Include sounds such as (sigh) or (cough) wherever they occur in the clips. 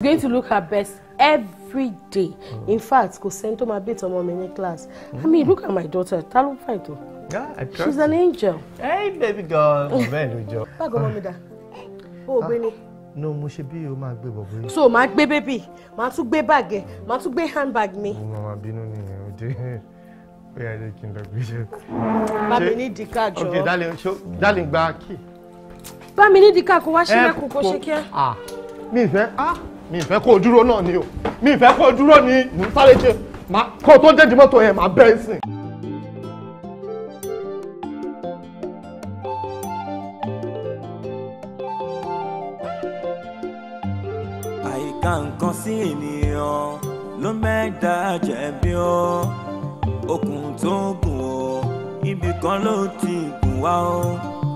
going to look her best every day. Mm. In fact, go send to my bait ọmọ mi ní class. Mm. I mean, look at my daughter. Talu Ta Yeah, I trust. She's you. an angel. Hey baby girl, very (laughs) ló jọ. Báàgì ọmọ mi dà, o ah, No, mo ṣe bí o máa So, máa baby, bébì, máa tún gbé báàgì, máa handbag me. Mama máa bínú nìyẹn, o dé. Ó yà jẹ́ kí n lọ gbé ṣe. Bá mi ní darling, darling gba kí. Bá mi ní dìkà kó wá ṣílẹ̀kùn kó ah, Mi fẹ́, ah mi ìfẹ́ kó o dúró náà ni o mi ìfẹ́ kó o dúró ni mò ń sáré ṣe kó o tó dé di yẹn máa bẹ́ẹ̀ sìn. àìka nǹkan sí ènìyàn ló mẹ́ta jẹ̀bi ó okùn tó gùn ó ibì kan ló ti gùn wá ó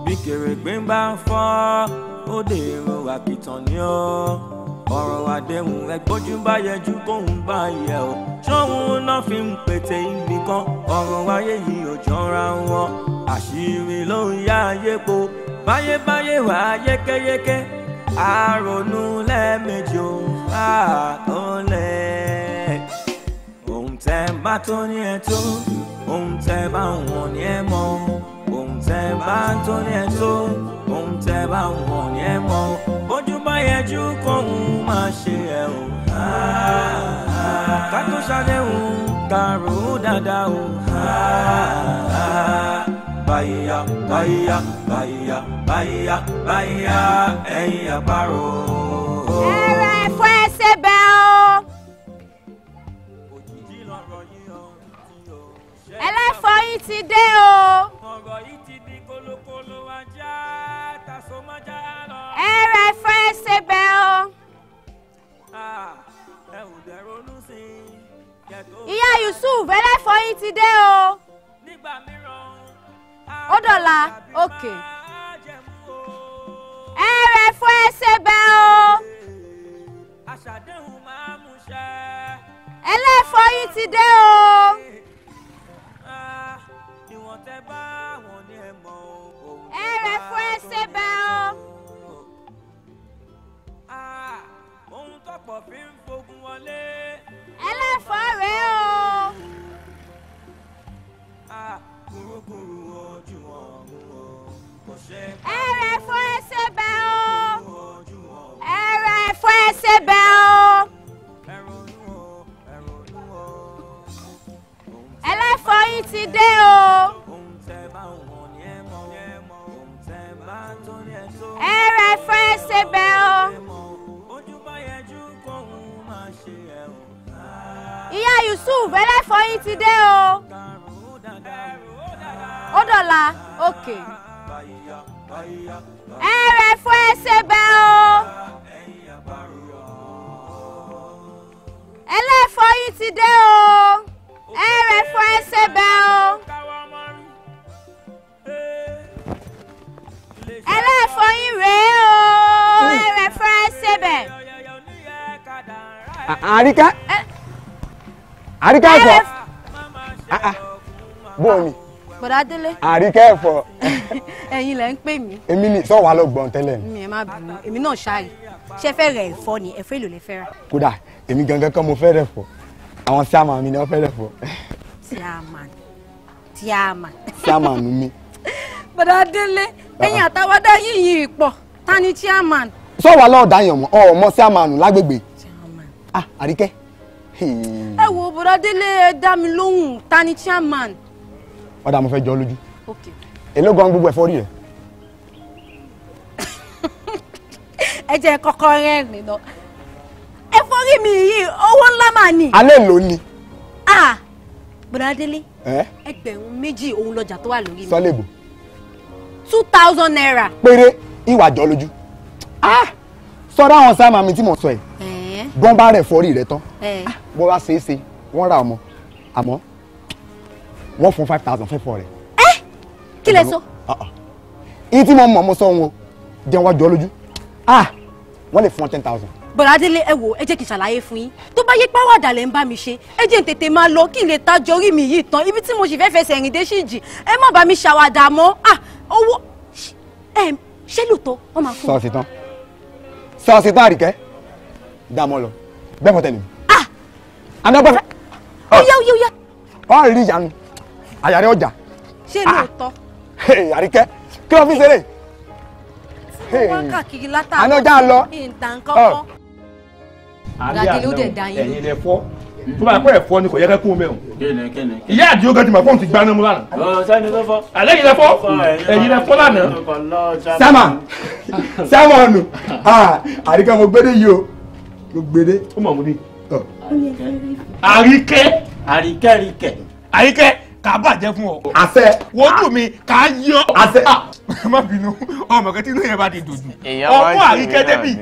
bí kèrègbè bá fọ́ ó dèrò àpìtàn ni ó ọ̀rọ̀ àdéhùn ẹgbójú bá yẹjú kóhun bá yẹ o ṣóhun náà fi ń pètè ibì kan ọ̀rọ̀ ayé yìí ò jọra wọn àṣírí ló ń yá ayé po báyébáyé wà yékéyéké àrònú lẹ́ẹ̀mejì o àtọ́lẹ̀ ohun tẹ́ bá tó ní ẹ tó ohun tẹ́ bá wọn ní ẹ mọ́ tẹ́ bá ń tó ní ẹ tó ohun tẹ́ bá ń wọ̀ ní ẹ mọ́ bójú bá yẹjú kóhun máa ṣe ẹ o. ká tó ṣàdéhùn kàrò dáadáa o. báyìíyá báyìíyá báyìíyá báyìíyá báyìíyá ẹ̀yìn àparò. ẹ̀rọ ẹ̀fọ́ ẹsẹ̀ bẹ́ẹ̀ o. ẹlẹ́fọ̀ọ́ yìí ti dé o. ọ̀rọ̀ yìí ẹ rẹ fẹ́ ṣe bẹ́ẹ̀ o. ìyá Yusuf ẹlẹ́fọ̀ọ́ yín ti dé o. ó dọ̀la òkè. ẹ rẹ fẹ́ ṣe bẹ́ẹ̀ o. ẹlẹ́fọ̀ọ́ yín ti dé o àwọn tẹ bá wọn ní ẹ mọ òun. ẹ rẹ fún ẹsẹ bá ọ. ohun tọ́pọ̀ fi ń fogun wọlé. ẹlẹ́fọ̀ọ́ rèé ah, o. kúrúkúrú ojú ọ̀hún o ẹ rẹ fún ẹsẹ bá ọ. ẹ rẹ fún ẹsẹ bá. àríkẹ́ ẹ̀fọ́ ah, ah. bóun ni. bọ̀dá délé. àríkẹ́ ẹ̀fọ́. (laughs) ẹ̀yin lẹ ń pè mí. èmi ni sọ wàá lọ gbọ́n tẹ́lẹ̀ ni. mi ẹ má bínú èmi náà ṣáàyè ṣe fẹ́ rẹ̀ ẹ̀fọ́ ni ẹ̀fọ́ èlò lè fẹ́ ra. kódà èmi gangan kan mo fẹ́ rẹ̀ fọ́ àwọn síàmà mi ni wọ́n fẹ́ rẹ̀ fọ́. síàmà síàmà. síàmà nù mí. (laughs) bọ̀dá délé ah, ẹ̀yin àtàwádá yìí yìí pọ̀ ta ni chairman. sọ wàá lọ́ọ̀dà yàn mọ́ ọmọ chairman lágbègbè. chairman. ah àríkẹ́. ẹ wo wo bọ̀dá délé ẹ dá mi lóhùn ta ni chairman. ọ̀dà mo fẹ́ jọ lójú. ok. èló gan gbogbo ẹ̀fọ́ rí ẹ̀. (laughs) ẹ jẹ́ kọ́kọ́ rẹ́rìn lọ ẹ̀fọ́ rí mi yìí owó ńlá mà ní. alẹ́ ló ní. ah bọ̀dá délé ẹgbẹ̀rún méjì òun lọ́jà tó wà lórí mi. sọ́lẹ̀bù. two thousand naira. péré ìwà jọ lójú. ah sọ́dọ̀ àwọn sáà màmí tí mo sọ ẹ̀ bọ́n bá rẹ̀ fọ́rí rẹ̀ tán ah, bọ́ wá ṣeé ṣe wọ́n ra ọmọ àmọ́ wọ́n fún five thousand fẹ́fọ́ rẹ̀. ẹ kí lẹ sọ. iye ah, ah. tí mo mọ̀ mo sọ wọn o jẹun wá jọ lójú ah, wọ́n lè fún ọ ten thousand. bọ̀dádélé ẹ wò ẹ jẹ́ kí n ṣàlàyé fún yín tó bá yé páwọ́ àdàlẹ̀ ń bá mi ṣe ẹ jẹ́ n tètè máa lọ kí n lè tajọ orí mi yìí tán ibi tí mo sì fẹ́ fẹsẹ̀ rìn dé sí jì ẹ má bá mi ṣàwàdà mọ́ owó ṣé lóòótọ́ wọ́n máa fún mi. sọ̀ọ̀sì tán sọ̀ọ̀sì tán àríkẹ́ dààmú lọ bẹ́ẹ̀ fọ́tẹ́ ah. àná bọ́fẹ́ ó yá ó yá. wọ́n á rí ìyanu àyàrá ọjà. ṣé lóòótọ́. àríkẹ́ kí ló fi ṣeré. tí mo wá káàkiri látàrí. àná ọjà lọ. ìtàn kankan. gàdìlú dẹ̀ dá yín. ẹ̀yin lẹ fọ́ tó bá pẹ́ ẹ̀fọ́ ni kò yẹ kẹ́ kún un mẹ́rin. ìyá àdìo gẹ́gẹ́ tí màá fóun ti gbaná mu lánàá. alẹ́ yìí lẹ fọ́ ẹ̀yìn lẹ fọ́ lánàá. sámà sámà ọ̀nù àríkà mo gbédè yìí o mo gbédè. ó mọ̀ mú ni àríkẹ́ àríkẹ́ àríkẹ́ àríkẹ́ kà á bàjẹ́ fún ọ. àṣẹ. wojú mi kà á yọ. àṣẹ. Ah, (laughs) má bínú ọmọ kẹtí inú yẹn bá ti dòdò. ọmọ àríkẹ́ débi.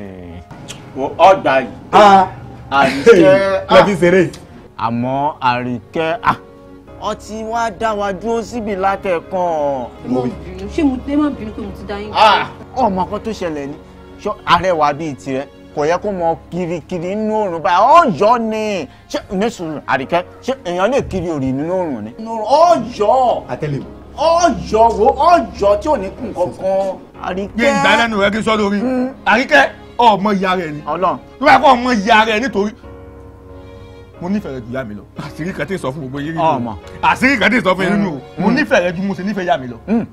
ọgbà yìí. Ah. àríkẹ́. Ah. lẹ́bí ṣeré. àmọ́ àríkẹ́ ọtí wa dá wa dúró síbi látẹ̀kàn. ṣé mo dé má bínú pé mo ti dá yín. ọmọ kan tó ṣẹlẹ̀ ni arẹwà bíi tirẹ̀ kò yẹ kó mọ kirikiri nínú òrùn báyìí ọjọ́ ni ṣé nísùn àríkẹ́ ṣé èèyàn lè kiri òrì nínú òrùn ni. ọjọ́ ọjọ́ wo ọjọ́ tí ò ní kún kankan. àríkẹ́ yé ìgbà lẹ́nu rẹ kí n sọ lórí hmm. àríkẹ́ ọmọ ìyá rẹ ni Ọlọ́run ló bá kọ ọmọ ìyá rẹ nítorí mo nífẹ̀ẹ́ rẹ ju yá mi lọ àṣírí kan tí ì sọ fún gbogbo yín nínú àṣírí kan tí ì sọ fún yín nínú hmm. mo nífẹ̀ẹ́ rẹ ju mo ṣe nífẹ̀ẹ́ yá mi lọ hmm.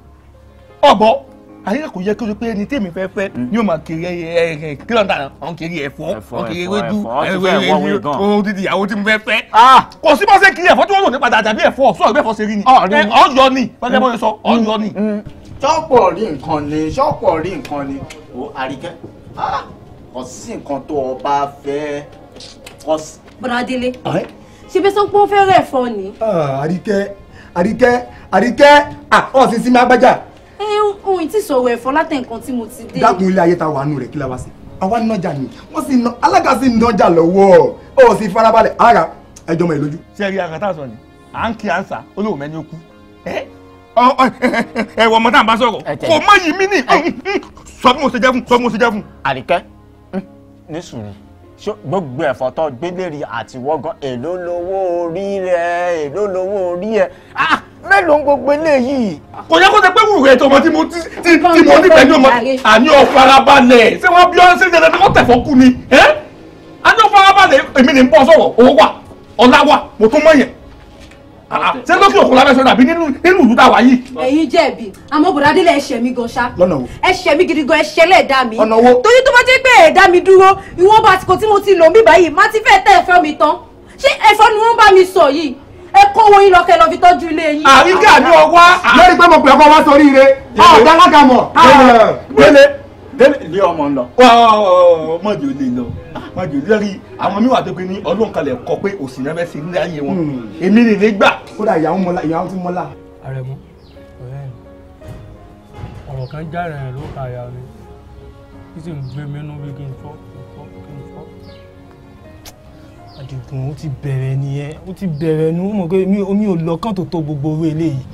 ọgbọ́n àyíká kò yẹ kí o pé ẹni tèmi fẹ́ fẹ́ hmm. ni o máa kiri ẹ kí ló ń tàn án kiri ẹ̀fọ́ kiri ewédú ohun dídì ìyàwó tí mo fẹ́ fẹ́. Ah! kò sí bọ́sẹ̀ kiri ẹ̀fọ́ tí wọ́n lò nípa tàbí ẹ̀fọ́ sọ̀rọ̀ bẹ́ẹ̀ ṣe rí ni ọ̀yọ́ ah, ni pẹ́ẹ́lẹ́ bọ́ sọ hmm, ọ̀yọ́ ni. Hmm. ṣọ́pọ̀ rí nǹkan ni ṣọ́pọ̀ rí nǹkan ni o àríkẹ́ ah! kò sí nǹkan tó o bá fẹ́ kò sí. bọ́dà délé ṣe fẹ́ rẹ̀ fọ́ ni. àríkẹ́ àríkẹ́ àríkẹ́ ọ̀sìn sí mi abájá ẹ ohun tí sọ̀rọ̀ ẹ̀fọ́ látẹ̀ nǹkan tí mo ti dé. dákun ilé ayé ta wà nù rẹ̀ kí la wá sí àwa nájà ni wọ́n sì ná alága sì nájà lọ́wọ́ ó sì farabalẹ̀ ara ẹjọ́ mọ̀ ẹ̀ lójú. ṣé ẹ sọ ni à ń kí ansa olóòmọ ẹni ó kú ẹ wọ ọmọ tá à ń bá sọ̀rọ̀ kò má yìí mí nì sọ bí mo ṣe jẹ fún sọ bí mo ṣe jẹ fún. àríkẹ́ hm, ní sùúrù ṣé gbogbo ẹ̀fọ́ gbélé àtiwọ́gán èló lówó orí rẹ̀ èló lówó orí ẹ̀ ah, mélòó ń gbogbo eléyìí. kò yẹ kó ṣe pé wùwẹ̀ tó ọmọ tí mo ti ti mo nífẹ̀ẹ́ ní ọmọ àní ọ̀farabalẹ̀ ṣé wọ́n bí ọ́ ṣe ṣe kó tẹ̀fọ́ kú ni ẹ́ àní ọ̀farabalẹ̀ èmi ni ń bọ́ sọ̀rọ̀ owó wà ọlá wà mo tún mọ̀ yẹn ṣé lókè òkú lábẹ́ sọ́dọ̀ àbí nínú ìlú tá a wà yìí. ẹ̀yin jẹ̀bi àmọ́ bùrọ̀dá délé ẹ̀ṣẹ̀ mi gan ṣá. lọ́nà wo. ẹ̀ṣẹ̀ mi gidi gan ẹ̀ṣẹ̀ lẹ̀ dá mi. ọ̀nà wo. torí tó bá jẹ́ pé ẹ̀dá mi dúró ìwọ̀nba àsìkò tí mo ti lò ń bíbá yìí má ti fẹ́ tẹ̀ ẹ̀fọ́ mi tán ṣé ẹ̀fọ́ ni wọ́n bá mi sọ yìí ẹ kó owó yín lọ kẹ lọ fi tọ́jú ilé yín. àríkà ni ọ wá. lórí pé mo pè ọkọ wá sórí ire. Ah, ọ̀dà alága mọ̀. Ah. délé délé lé ọmọ lọ. mọ̀jọ lè lọ mọ̀jọ lórí àwọn mi wà tó pé ní ọlọ́run kalẹ̀ kọ pé òsì náà fẹ́ẹ́ ṣe ní ayé wọn. Hmm. èmi lè lè gbà. kódà ìyàwó mọ́lá ìyàwó tún mọ́lá. àrẹ̀mú ọ̀rẹ́ mi ọ̀rọ̀ kan járe rẹ̀ ló ta ìyá mi kí sì ń gbé mi nú bí kí n fọ́. Adigun ó ti bẹ̀rẹ̀ nìyẹn ó ti bẹ̀rẹ̀ nu ó mọ̀ pé mi ò lọ́kàn tó tó gbogbo owó eléyìí.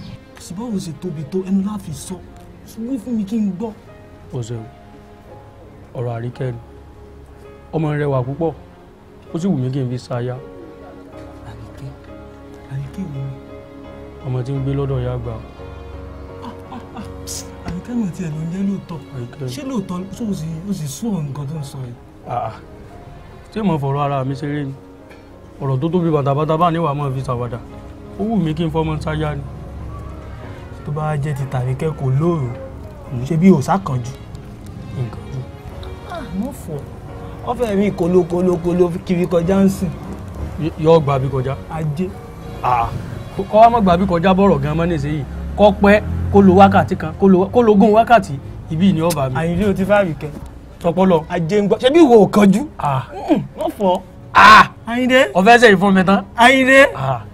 ṣùgbọ́n òun ṣe tóbi tó ẹnu láfi sọ wí fún mi kí n gbọ́. ọ̀sẹ̀ ọ̀rọ̀ àríkẹ́ ni ọmọ rẹwà púpọ̀ ó sì wù mí kí n fi ṣaya. àríkẹ́ àríkẹ́ wo ni. ọmọ tí ń gbé lọ́dọ̀ ìyá àgbà. Ah, ah, ah. àríkẹ́ mi ò tiẹ̀ ló ń jẹ́ lóòótọ́ ṣé lóòótọ́ ó sì sún òun nǹkan tó ń sọ yìí. àà ṣé mo fọ̀rọ̀ ara mi ṣeré ni ọ̀rọ̀ tó tóbi bàtàbàtà bá níwàá máa fi ṣàwàdà ó wù mí kí n fọmọ táyà ni. tó bá jẹ́ ti tàbí kẹ́kọ̀ọ́ lóòrò ṣe bí òòsà kan jù nǹkan jù. àmọ́ ah, fọ ọfẹ mi kolokolokolo kiri kọjá ń sìn. yọ gbà bí kọjá. ajé. Ah, kọ́ wa mọ̀ gbà bí kọjá bọ̀rọ̀ gan-an mọ́ nísìnyí kọ́ pẹ́ kó lo wákàtí kan kó lo gún wákàtí ibi ni ọba mi. àyìnlẹ́ o ti fáàrí kẹ. tọpọlọ. ajé ń gbọ́ ṣebí ìwọ ò kanjú. wọ́n ah. mm, fọ́. Ayinde. ọfẹ sẹyìn fún mi tán. Ayinde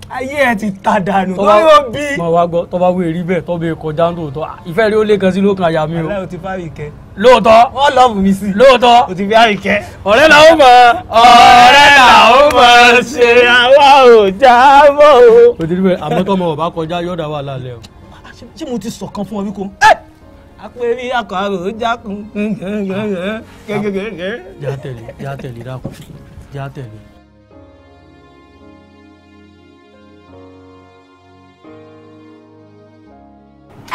ayé ẹ ti ta dànù tó yóò bí. mà wá gbọ́ tọ́ba wo èrí bẹ́ẹ̀ tọ́ba kọjá lóòótọ́ ìfẹ́ rí ó lé kan sí lókàn àyà mi o. aláwo ti fi àrùn kẹ. lóòótọ́. wọ́n lọ́ọ̀bù mi sí. lóòótọ́. o ti fi àrùn kẹ. ọ̀rẹ́ là ó mọ̀ ọ̀rẹ́ là ó mọ̀ ṣe àwa ò já mọ́ o. o ti rí bẹ́ẹ̀ àmọ́ tọ́mọ ọba kọjá yọ̀dà wà lálẹ́ o. ṣé mo ti sọ̀kan fún ọ bí ko. apẹ̀rí akọ̀rọ̀ já kún. já tẹ̀lé já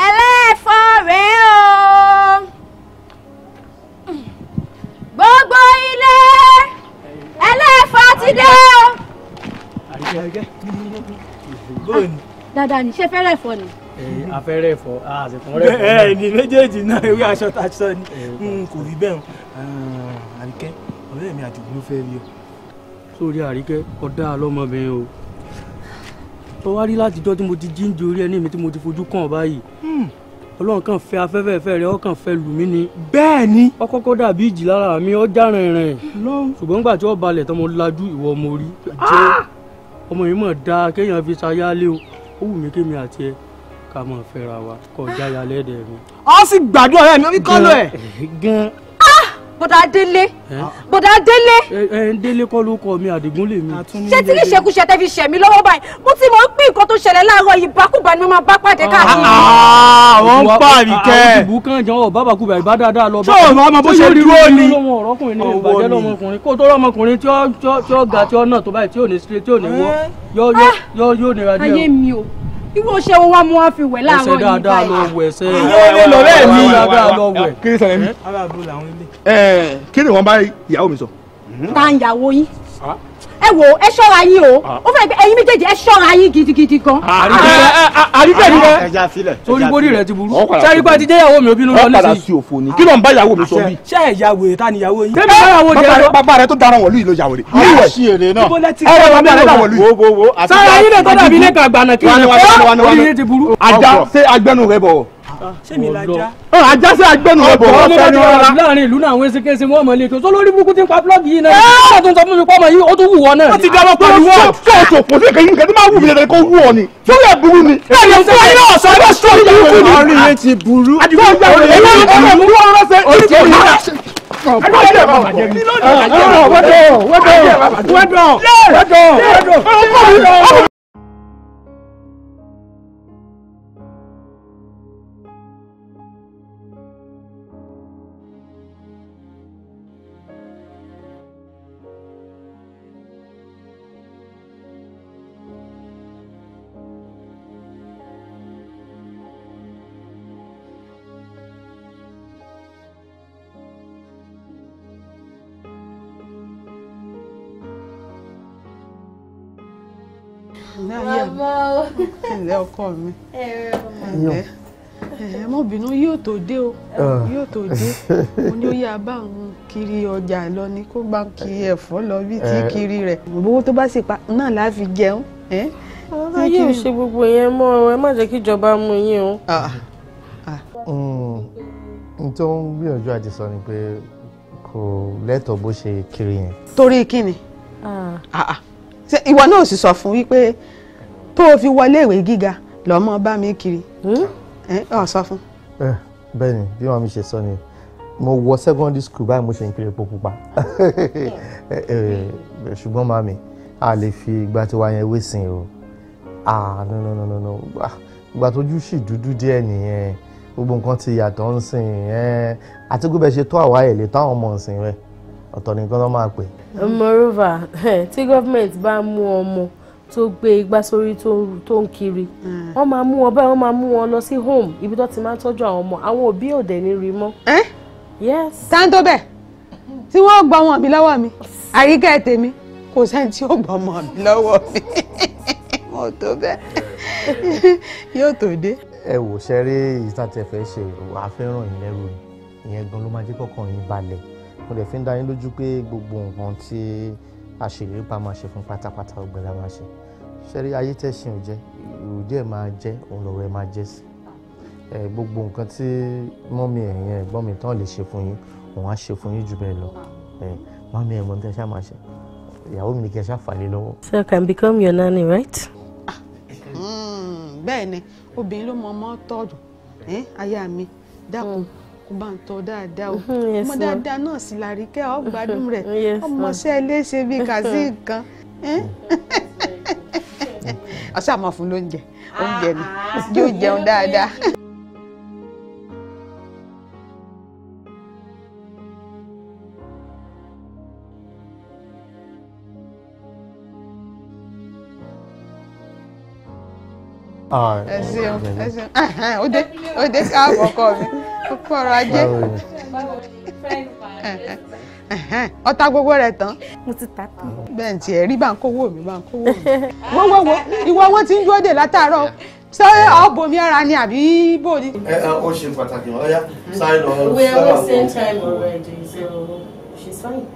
ẹlẹ́ẹ̀fọ́ rèé o gbogbo ilé ẹlẹ́ẹ̀fọ́ ti dé o. dáadáa ní ṣe fẹ́rẹ̀ fọ ni. afẹ́rẹ́ ẹ̀fọ́ àṣekún rẹ̀ fọ́. ẹ ní méjèèjì náà ewé aṣọ taṣọ ni eh, hmm, kò rí bẹ́ẹ̀ ah, àríkẹ́ ọ̀rẹ́ mi àdìgún ló fẹ́ rí o. sórí àríkẹ́ ọ̀dà lọ́mọbìnrin o tó wá rí látijọ́ tí mo ti jíǹde orí ẹni mi tí mo ti fojú kàn báyìí hmm. ọlọ́run kàn fẹ́ afẹ́fẹ́ ẹ̀fẹ́ rẹ ọ kàn fẹ́ lù mí ni. bẹ́ẹ̀ ni. ọ kọ́kọ́ dàbí ìjì lára mi ọ já rìnrìn. ṣùgbọ́n nígbà tí ó balẹ̀ tán mo lajú ìwọ ọmọ orí. jẹ́ ah! ọmọ yìí mọ̀ dáa kéèyàn fi ṣayálé o ó wù mí kémi àti ẹ ká mọ̀ fẹ́ra wa kọjá yálẹ́ dẹ̀ mi. ọ sì gbàdúrà ẹ̀ mi kọ́ lọ ẹ̀. gan bọ̀dá délé bọ̀dá délé. ẹ ẹ délé kọ́ ló kọ mi àdìgún lèmi. ṣé tí kìí ṣekúṣe tẹ́ fi ṣẹ̀mí lọ́wọ́ báyìí mo ti mọ̀ ń pín nǹkan tó ṣẹlẹ̀ láàárọ̀ yìí bákùbà ni mo máa bá pàdé káàkiri. Ah, ah, àwọn ń pa àríkẹ́. àwọn ìbú kan jẹ́ wọn bábàkùbà ìbá dáadáa lọ. sọ wọn máa bó ṣe dúró ni. kó tó lọ́mọkùnrin tí ó ga tó báyìí tí ò ah! irú ọṣẹ wo wá mú wá fi wẹ̀ láàárọ̀ yìí báyìí. ẹsẹ̀ dáadáa lọ wẹ̀ ẹsẹ̀. ìyẹn ilé lọ́rẹ́ mi. dáadáa lọ wẹ̀ kí ni sọ̀rọ̀ mi. kí ni wọ́n bá ìyàwó mi sọ. ta ìyàwó yín. Ah ẹ wò ẹ ṣọ́ra yín o ah. ó fẹ́ pé ẹ̀yin méjèèjì ẹ ṣọ́ra yín gidigidi gan. àríkẹ́ mi rẹ torí bórí rẹ ti burú sẹ́rí pé ti déyàwó mi ò bínú lọ nísìnyí. kí ló ń bá ìyàwó mi sọ bí. ṣé ẹ ya wèrè ta ni ìyàwó yín. tẹ́mi bá yàwó jẹ lọ. bàbá rẹ tó dara wọ̀lú yìí ló ya wèrè. yíwẹ̀ ẹ wọ bàbá rẹ dà wọ̀lú yìí. sára yín lè tọ́ dàbí ilé kan àgbàna kí ni wọ́n ti burú. àjà ṣé agbẹnu rẹ bọ̀ sẹ́mi la já. ọ ajá sí agbẹnu ọbọ ọfẹnu ọra. láàrin ìlú náà àwọn esekese wọn mọ ilé tó sọlórí burúkú ti ń pa plọ́ọ̀gì yìí náà. ẹ ẹ tó fún mi pọ́ ọmọ yìí ó tún wù ọ náà. wọ́n ti dáwọ́ pẹ̀lú wọ́ọ̀ tó kò sí kẹ́yìn kẹ́yìn máa wù mí lẹ́dẹ̀ẹ́ kó wù ọ ni. sórí burú ni. ẹ burú ni. bàbá o. ẹ̀lẹ́ ọkọ mi ẹ̀lẹ́ ẹ mọ bínú yóò tó dé o ah. yóò tó dé mo ní ó yá bá òun kiri ọjà lọ ni kó bá kiri ẹ̀fọ́ lọ bí tí eh. kiri rẹ̀ gbogbo tó bá sì pa náà láà fi jẹun. àwọn bá yóò ṣe gbogbo yẹn mọ́ ẹ má jẹ́ kí ìjọba mú yín o ah, ah, hmm. n tó ń gbìyànjú àti sọ ni pé kò lẹ́tọ̀ọ́ bó ṣe kiri yẹn. torí kíni ìwọ náà sì sọ fún wípé tó o fi wọlé ìwé gíga lọ́ọ́ mọ́ bá mi kiri hmm? ọ̀ sọ fún. bẹ́ẹ̀ ni bí wọ́n mi ṣe sọ ni mo wọ secondary school báyìí mo ṣe ń kiri epo pupa (laughs) ṣùgbọ́n màmí a lè fi ìgbà tiwa yẹn wé sìn o ah no no no no no ìgbà tójú sì dúdú díẹ̀ nìyẹn gbogbo nǹkan ti yàtọ̀ ń sìn ẹ́n àti gbogbo ẹ̀ ṣe tó àwa ẹ̀ lè tó àwọn ọmọ ọ̀sìn rẹ̀ ọ̀tọ̀ nìkan ló máa pè. moreover (laughs) tí gọ́fìmẹ̀ntì bá mú ọmọ tó gbé igbá sórí tó ń kiri hmm. wọ́n máa mú wọn báyìí wọ́n máa mú wọn lọ sí home ibi tó ti máa ń tọ́jú àwọn ọmọ àwọn òbí òde ní rí mọ́. Eh? yes. táńtó bẹ́ẹ̀ tí wọ́n gbọ́ ọmọ mi lọ́wọ́ mi àyíká ẹ̀ tèmi kò sẹ́ni tí ó gbọ́ ọmọ mi lọ́wọ́ mi (laughs) mo tó bẹ́ẹ̀ (laughs) yóò tó dé. ẹ wò ṣeré ìsàtẹ̀fẹ́ ṣe àfẹ́ràn ìlẹ́rù ìyẹn gan ló máa jẹ́ kọ́kàn yín balẹ̀ mo lè fi ń dá yín lójú pé gbogbo nǹkan tí àṣèlérí pa máa ṣe fún pátápátá ọgbẹ́ la máa ṣe ṣẹ́rí ayé tẹ̀sìn ò jẹ́ ìròdí ẹ̀ máa jẹ́ òun ẹ̀ máa jẹ́ sí gbogbo nǹkan tí mọ́mí ẹ̀yìn ẹ̀gbọ́n mi tán lè ṣe fún yín òun á ṣe fún yín jù bẹ́ẹ̀ lọ mọ́mí ẹ̀gbọ́n tẹ́ ṣáà máa ṣe ìyàwó mi ni kẹ́ ṣáà fàlẹ́ lọ́wọ́. so I can become your nanny right. Hmm, bẹ́ẹ̀ ni obìnrin ló mọ ọmọ tọ́jú aya mi dákun hmm. kò bá ń tọ́ dáadáa o hmm, ọmọ dáadáa náà sì làríkẹ́ ọ̀gbádùn rẹ̀ (laughs) ọmọ ṣẹ́ léṣe bíi kàzí nǹkan. (laughs) (laughs) ọ̀sẹ̀ àmọ́ fún lóúnjẹ oúnjẹ ni ah, ah. yóò jẹun dáadáa. Ah, ẹ ṣeun ẹ ṣeun ọdẹ ọdẹ káàbọ̀ kọ mi ó kọ ọrọ̀ ajé. (laughs) ọta gbogbo rẹ tán. mo ti ta tán. bẹ́ẹ̀ ntì ẹ̀ rí báńkówó mi báńkówó mi. wọ́n wọ́n wọ́n ìwọ owó ti ń dúró dè látàárọ̀ ṣé ọ̀bọ̀nmi ara ni àbí bòde. ẹ ẹ ó ṣe pàtàkì wọn ọyá sáré lọ. we are on the same time already so she's fine.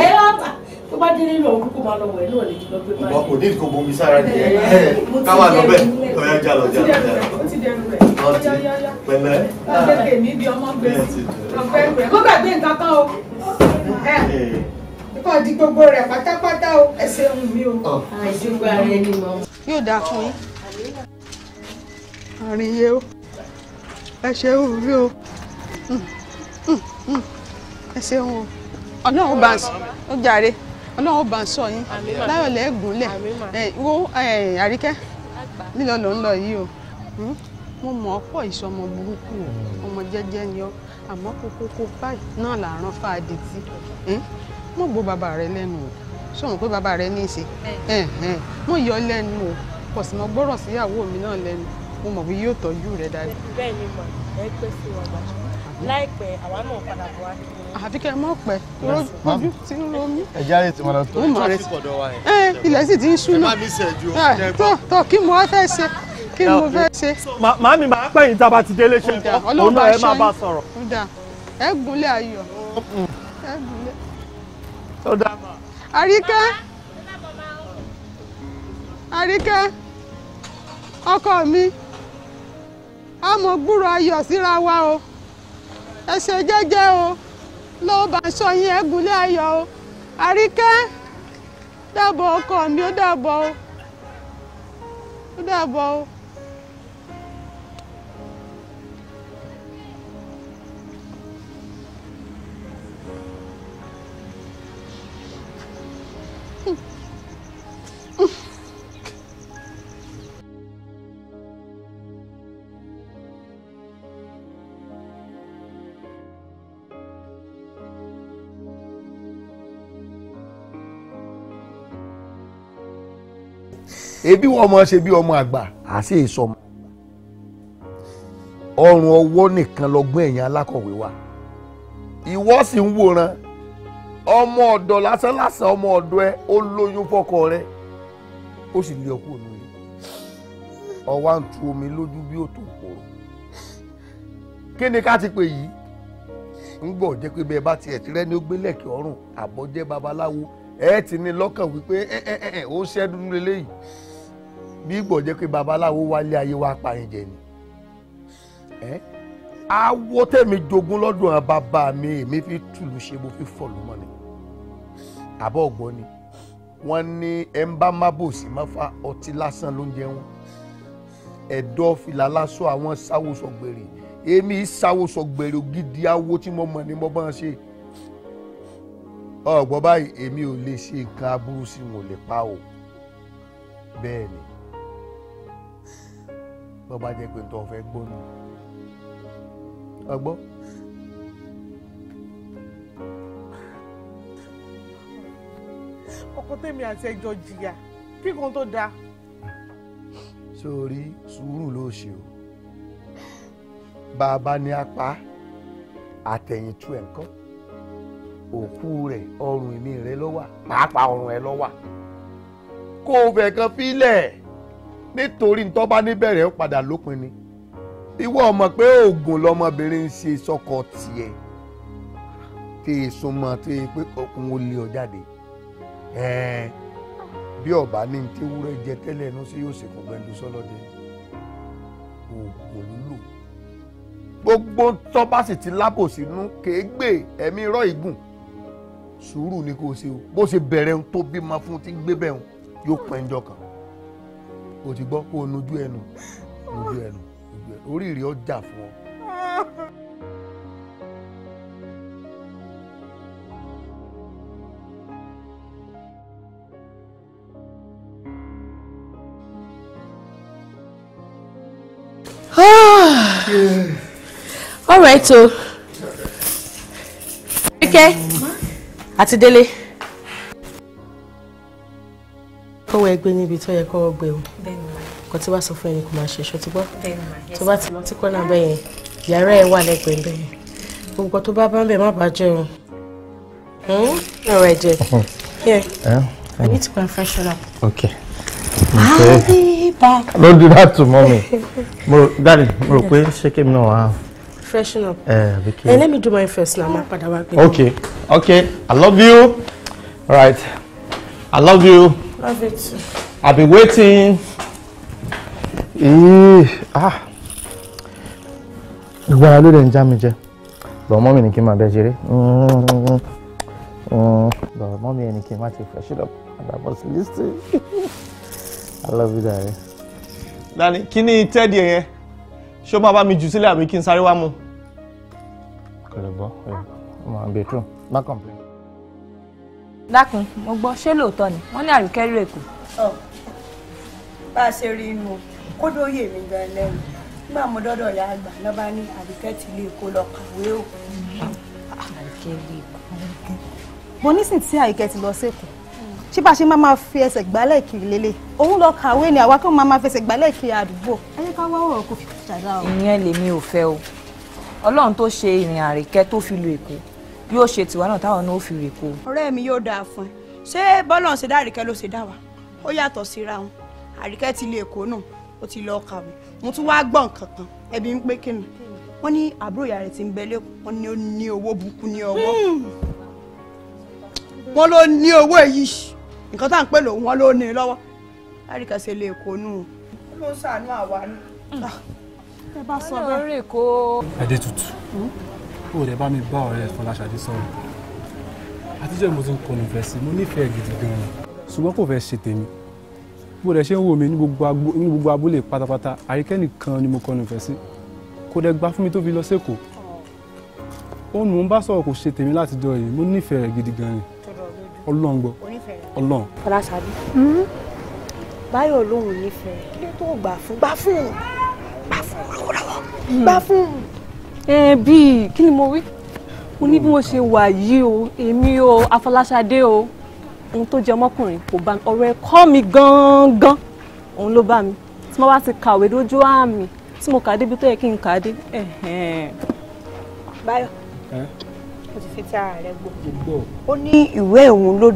ẹ ọ́ bá tó bá délé lọ kúkú máa lọ wẹ̀ náà lè jùlọ gbé báyìí. ọkọ ní ìkó bomi sára ni ẹ káwa lọ bẹ ọyá já lọ já lọ já lọ. ó ti dẹrù rẹ ó ti dẹrù rẹ pẹ̀lẹ́. ọgbẹ́gbẹ́ mi bí ọmọ gbé sí ọgbẹ́gbẹ́ kó gbàgbé nǹkan kan o kọ́ di gbogbo rẹ̀ pátápátá o ẹ ṣeun mi o. àìsígbó ara ẹni mọ. yóò dáa fún yín. àríyé o ẹ ṣeun mi o mm, mm, mm. ẹ ṣeun o ọlọ́run bá ń ó jàre ọlọ́run bá ń sọ yín láyọ̀ lẹ́ẹ̀gúnlẹ̀ wo àríkẹ́ lílọ ló ń lọ yìí o hmm? mo mọ̀ ọ́ pọ̀ ìsọmọ burúkú o ọmọ jẹ́jẹ́ ni ọ́ àmọ́ kókókó báyìí náà làárọ̀ fáadé tí hmm? mo gbọ́ bàbá rẹ lẹ́nu o sọ̀rọ̀ pé bàbá rẹ ní í mo yọ lẹ́nu o pọ̀ sí mo gbọ́rọ̀ síyàwó mi náà lẹ́nu mo mọ̀ pé yóò tọ́jú rẹ dáadáa. bẹ́ẹ̀ ni mà ẹ pẹ́ sí wa láìpẹ́ àwa náà padà bọ̀ wá kí ni. àfi kẹ́ ẹ mọ̀ pẹ́ ojú ti ń ro mí. ẹ jáde tí wọn lọ tó. mo rẹ ẹ ilẹ̀ sì ti ń ṣú náà ẹ tó tó kí mo fẹ́ ṣe kí mo fẹ́ ṣe. màámi màá pẹ̀yìn tá a bá ti délé ṣe òun náà ẹ máa bá sọ̀rọ̀. ẹ gúnlẹ̀ ayọ̀ mm. ẹ gúnlẹ̀. tó dáa mà. àríkẹ́ àríkẹ́ ọkọ mi a mọ̀ gbúrò ayọ̀ síra wa o ẹ ṣe jẹ́jẹ́ o ló bá aṣọ yín ẹ̀gúnlé ayọ̀ o àríkẹ́ dàbọ̀ ọkọ mi ó dàbọ̀ ó dàbọ̀ o. ebi ọmọ ṣe bi ọmọ àgbà. àṣé ìsọmọ ọrùn ọwọ́ nìkan lọ́gbọ́n ẹ̀yìn alákọ̀wé wa ìwọ sì ń wòran ọmọ ọ̀dọ̀ lásán ọmọ ọ̀dọ̀ ẹ ó lóyún fọ́kọ rẹ ó sì ọkọ ọwá omi lójú bí ó tó kóró kí ni ká ti pè yìí ń gbọ́ jẹ́ pé ni ó gbé àbọ̀jẹ́ babaláwo ti ní lọ́kàn wípé bí ìgbò jẹ́ pé babaláwo wálé ayé wa parin jẹ ni awo tẹ̀mí jogún lọ́dún àwọn bàbá mi èmi fi tùlù ṣe mo fi fọ̀lù mọ́ ni àbọ̀ ọ̀gbọ́n ni wọ́n ní ẹ̀ ń bá mábòsí má fa ọtí lásán ló wọn ẹ̀dọ́ fìlà lásán àwọn sáwòsàn èmi sáwòsàn gidi awo tí mo mọ̀ ni mo bá ń ṣe ọ̀gbọ́n báyìí èmi ò lè ṣe nǹkan aburú sí wọn ò lè pa o bẹ́ẹ̀ ni tó bá jẹ́ pé tó fẹ́ gbónú ọgbọ́. ọkọ tèmi àti ẹjọ jìyà kí nǹkan tó dáa. sórí sùúrù ló ṣe o bàbá ni apá àtẹ̀yìntú ẹ̀ ńkọ́ òkú rẹ̀ ọrùn ìmí rẹ̀ ló wà pàápàá ọrùn ẹ̀ ló wà kó o fẹ̀ kan fílẹ̀ nítorí tó bá níbẹ̀rẹ̀ ó padà lópin ni ìwọ ọmọ pé oògùn lọmọbìnrin ń ṣe sọkọ tiẹ̀ tí ìsúnmọ́ tí pé kọkùn ó lé ọ jáde bí ọba ní ti wúrẹ́ jẹ tẹ́lẹ̀ inú sí yóò ṣèkùn gbẹ̀ndú sọlọ́dẹ oògùn lò gbogbo tó bá sì ti lábò sínú kéégbè ẹ̀mí rọ ìgùn sùúrù ni kò ṣe o bó ṣe bẹ̀rẹ̀ ń tó bímọ fún ti gbé bẹ́ẹ̀ yóò pẹ́ńjọ kan o ti gbọ́ kó o nojú ẹnu nojú ẹnu oríire ọjà fún ọ. Ah! all right o. So. Ike àti Délé. wọ ẹgbẹ́ níbi tó yẹ kó o o kò tí wàá sọ fún ẹni kò máa ṣe ṣọtí tó bá ti lọ sí kọ́nà bẹ́ẹ̀ yẹn yàrá ẹ̀ wà lẹ́gbẹ̀ẹ́ bẹ́ẹ̀ yẹn gbogbo tó bá bá ń bẹ̀ má bàá jẹ́ o hmm? ọ̀rọ̀ ẹ̀jẹ̀ mm-hmm. here I need to go and freshen up. okay. okay. don't do that to mommy. (laughs) mo daddy mo rò pé ṣé kí mi náà wá. freshen up. Uh, let me do my first now. má padà wá gbé. okay okay I love you all right I love you. Love it I've been waiting. Eee, ah. Gbogbo ara ló dẹ̀ ń já mi jẹ. Bọ̀ mọ́ mi ní kí n máa bẹ ṣeré. Bọ̀ mọ́ mi ní kí n má ti fresh it up. Àdàbọ̀ sí lísì. I love you darling. Dani, kí ni tẹ́ẹ̀dì yẹn? Ṣé o máa bá mi jù sílẹ̀ àbí kí n sáré wá mu? Kò lè gbọ́, ẹ̀ ọ́ máa gbé Má complain dákun mo gbọ́ ṣé lóòótọ́ ni wọ́n ní àríkẹ́rù èkó. bá a ṣe rí inú kódó yè mí gan lẹ́nu nígbà mo dọ́dọ̀ ya àgbà náà bá ní àríkẹ́ ti lè kó lọ kàwé o. àríkẹ́ lè kó. mo nísìn tí àríkẹ́ ti lọ sẹ́kọ̀ọ́ ṣé bá a ṣe máa máa fi ẹsẹ̀ gbálẹ̀ kiri lélẹ̀ òun lọ kàwé ni àwa kan máa máa fẹsẹ̀ gbálẹ̀ kiri àdúgbò ẹyẹ ká wá ọ̀rọ̀ kò fi jàdá o. ìyẹn lèmi ò fẹ́ o ọlọ́run tó ṣe ìrìn àríkẹ́ tó fi lu èkó yóò ṣe tiwa náà táwọn náà ó fi rè kó. ọ̀rẹ́ mi yóò dáa fún ẹ ṣé bọ́lá ṣe dá àríkẹ́ ló ṣe dá wa ó yàtọ̀ síra wọn àríkẹ́ ti lé èkó náà ó ti lọ kàwé mo tún wá gbọ́ nǹkan ẹbí ń pé kíni wọ́n ní àbúrò ìyá rẹ̀ ti ń bẹ lẹ́kọ̀ọ́ wọ́n ní ó ní owó burúkú ní ọwọ́ hmm. wọ́n ló ní owó èyí nǹkan tá à ń pè lòun wọ́n ló ní lọ́wọ́ àríkẹ́ ṣe lé èkó nù ah. ẹ bá sọ bẹ́ẹ̀. adétutù. Hmm? ó rẹ̀ bá mi bá ọ̀rẹ́ Fọláṣadé sọ̀rọ̀ àtijọ́ mo ti ń kọnu ìfẹ́ sí mo nífẹ̀ẹ́ gidi gan-an ṣùgbọ́n kò fẹ́ ṣe tèmi bó rẹ̀ ṣe ń wò mí ní gbogbo abúlé pátápátá àríkẹ́ nìkan ni mo kọnu ìfẹ́ sí kò dẹ̀ gbà fún mi tó fi lọ sẹ́kọ̀ọ́ òun mò ń bá sọ̀rọ̀ kò ṣe tèmi láti jọ yìí mo nífẹ̀ẹ́ rẹ̀ gidi gan-an ọlọ́run gbọ́ ọlọ́run. Fọláṣadé hmm? báyọ̀ lòun nífẹ̀ẹ́ kí ló tó gbà fún gbà fún gbà fún olówó ẹ bíi kí ni mo wí mo ní bí mo ṣe wà yìí o èmi o Afọláṣadé o ohun tó jẹ ọmọkùnrin kò bá mi ọ̀rọ̀ ẹ̀kọ́ mi gangan òun ló bá mi tí mo bá ti kàwé dójú àmì tí mo kà débi tó yẹ kí n kà dé. Báyọ̀ mo ti fi ti ara rẹ gbọ́ ó ní ìwé òun ló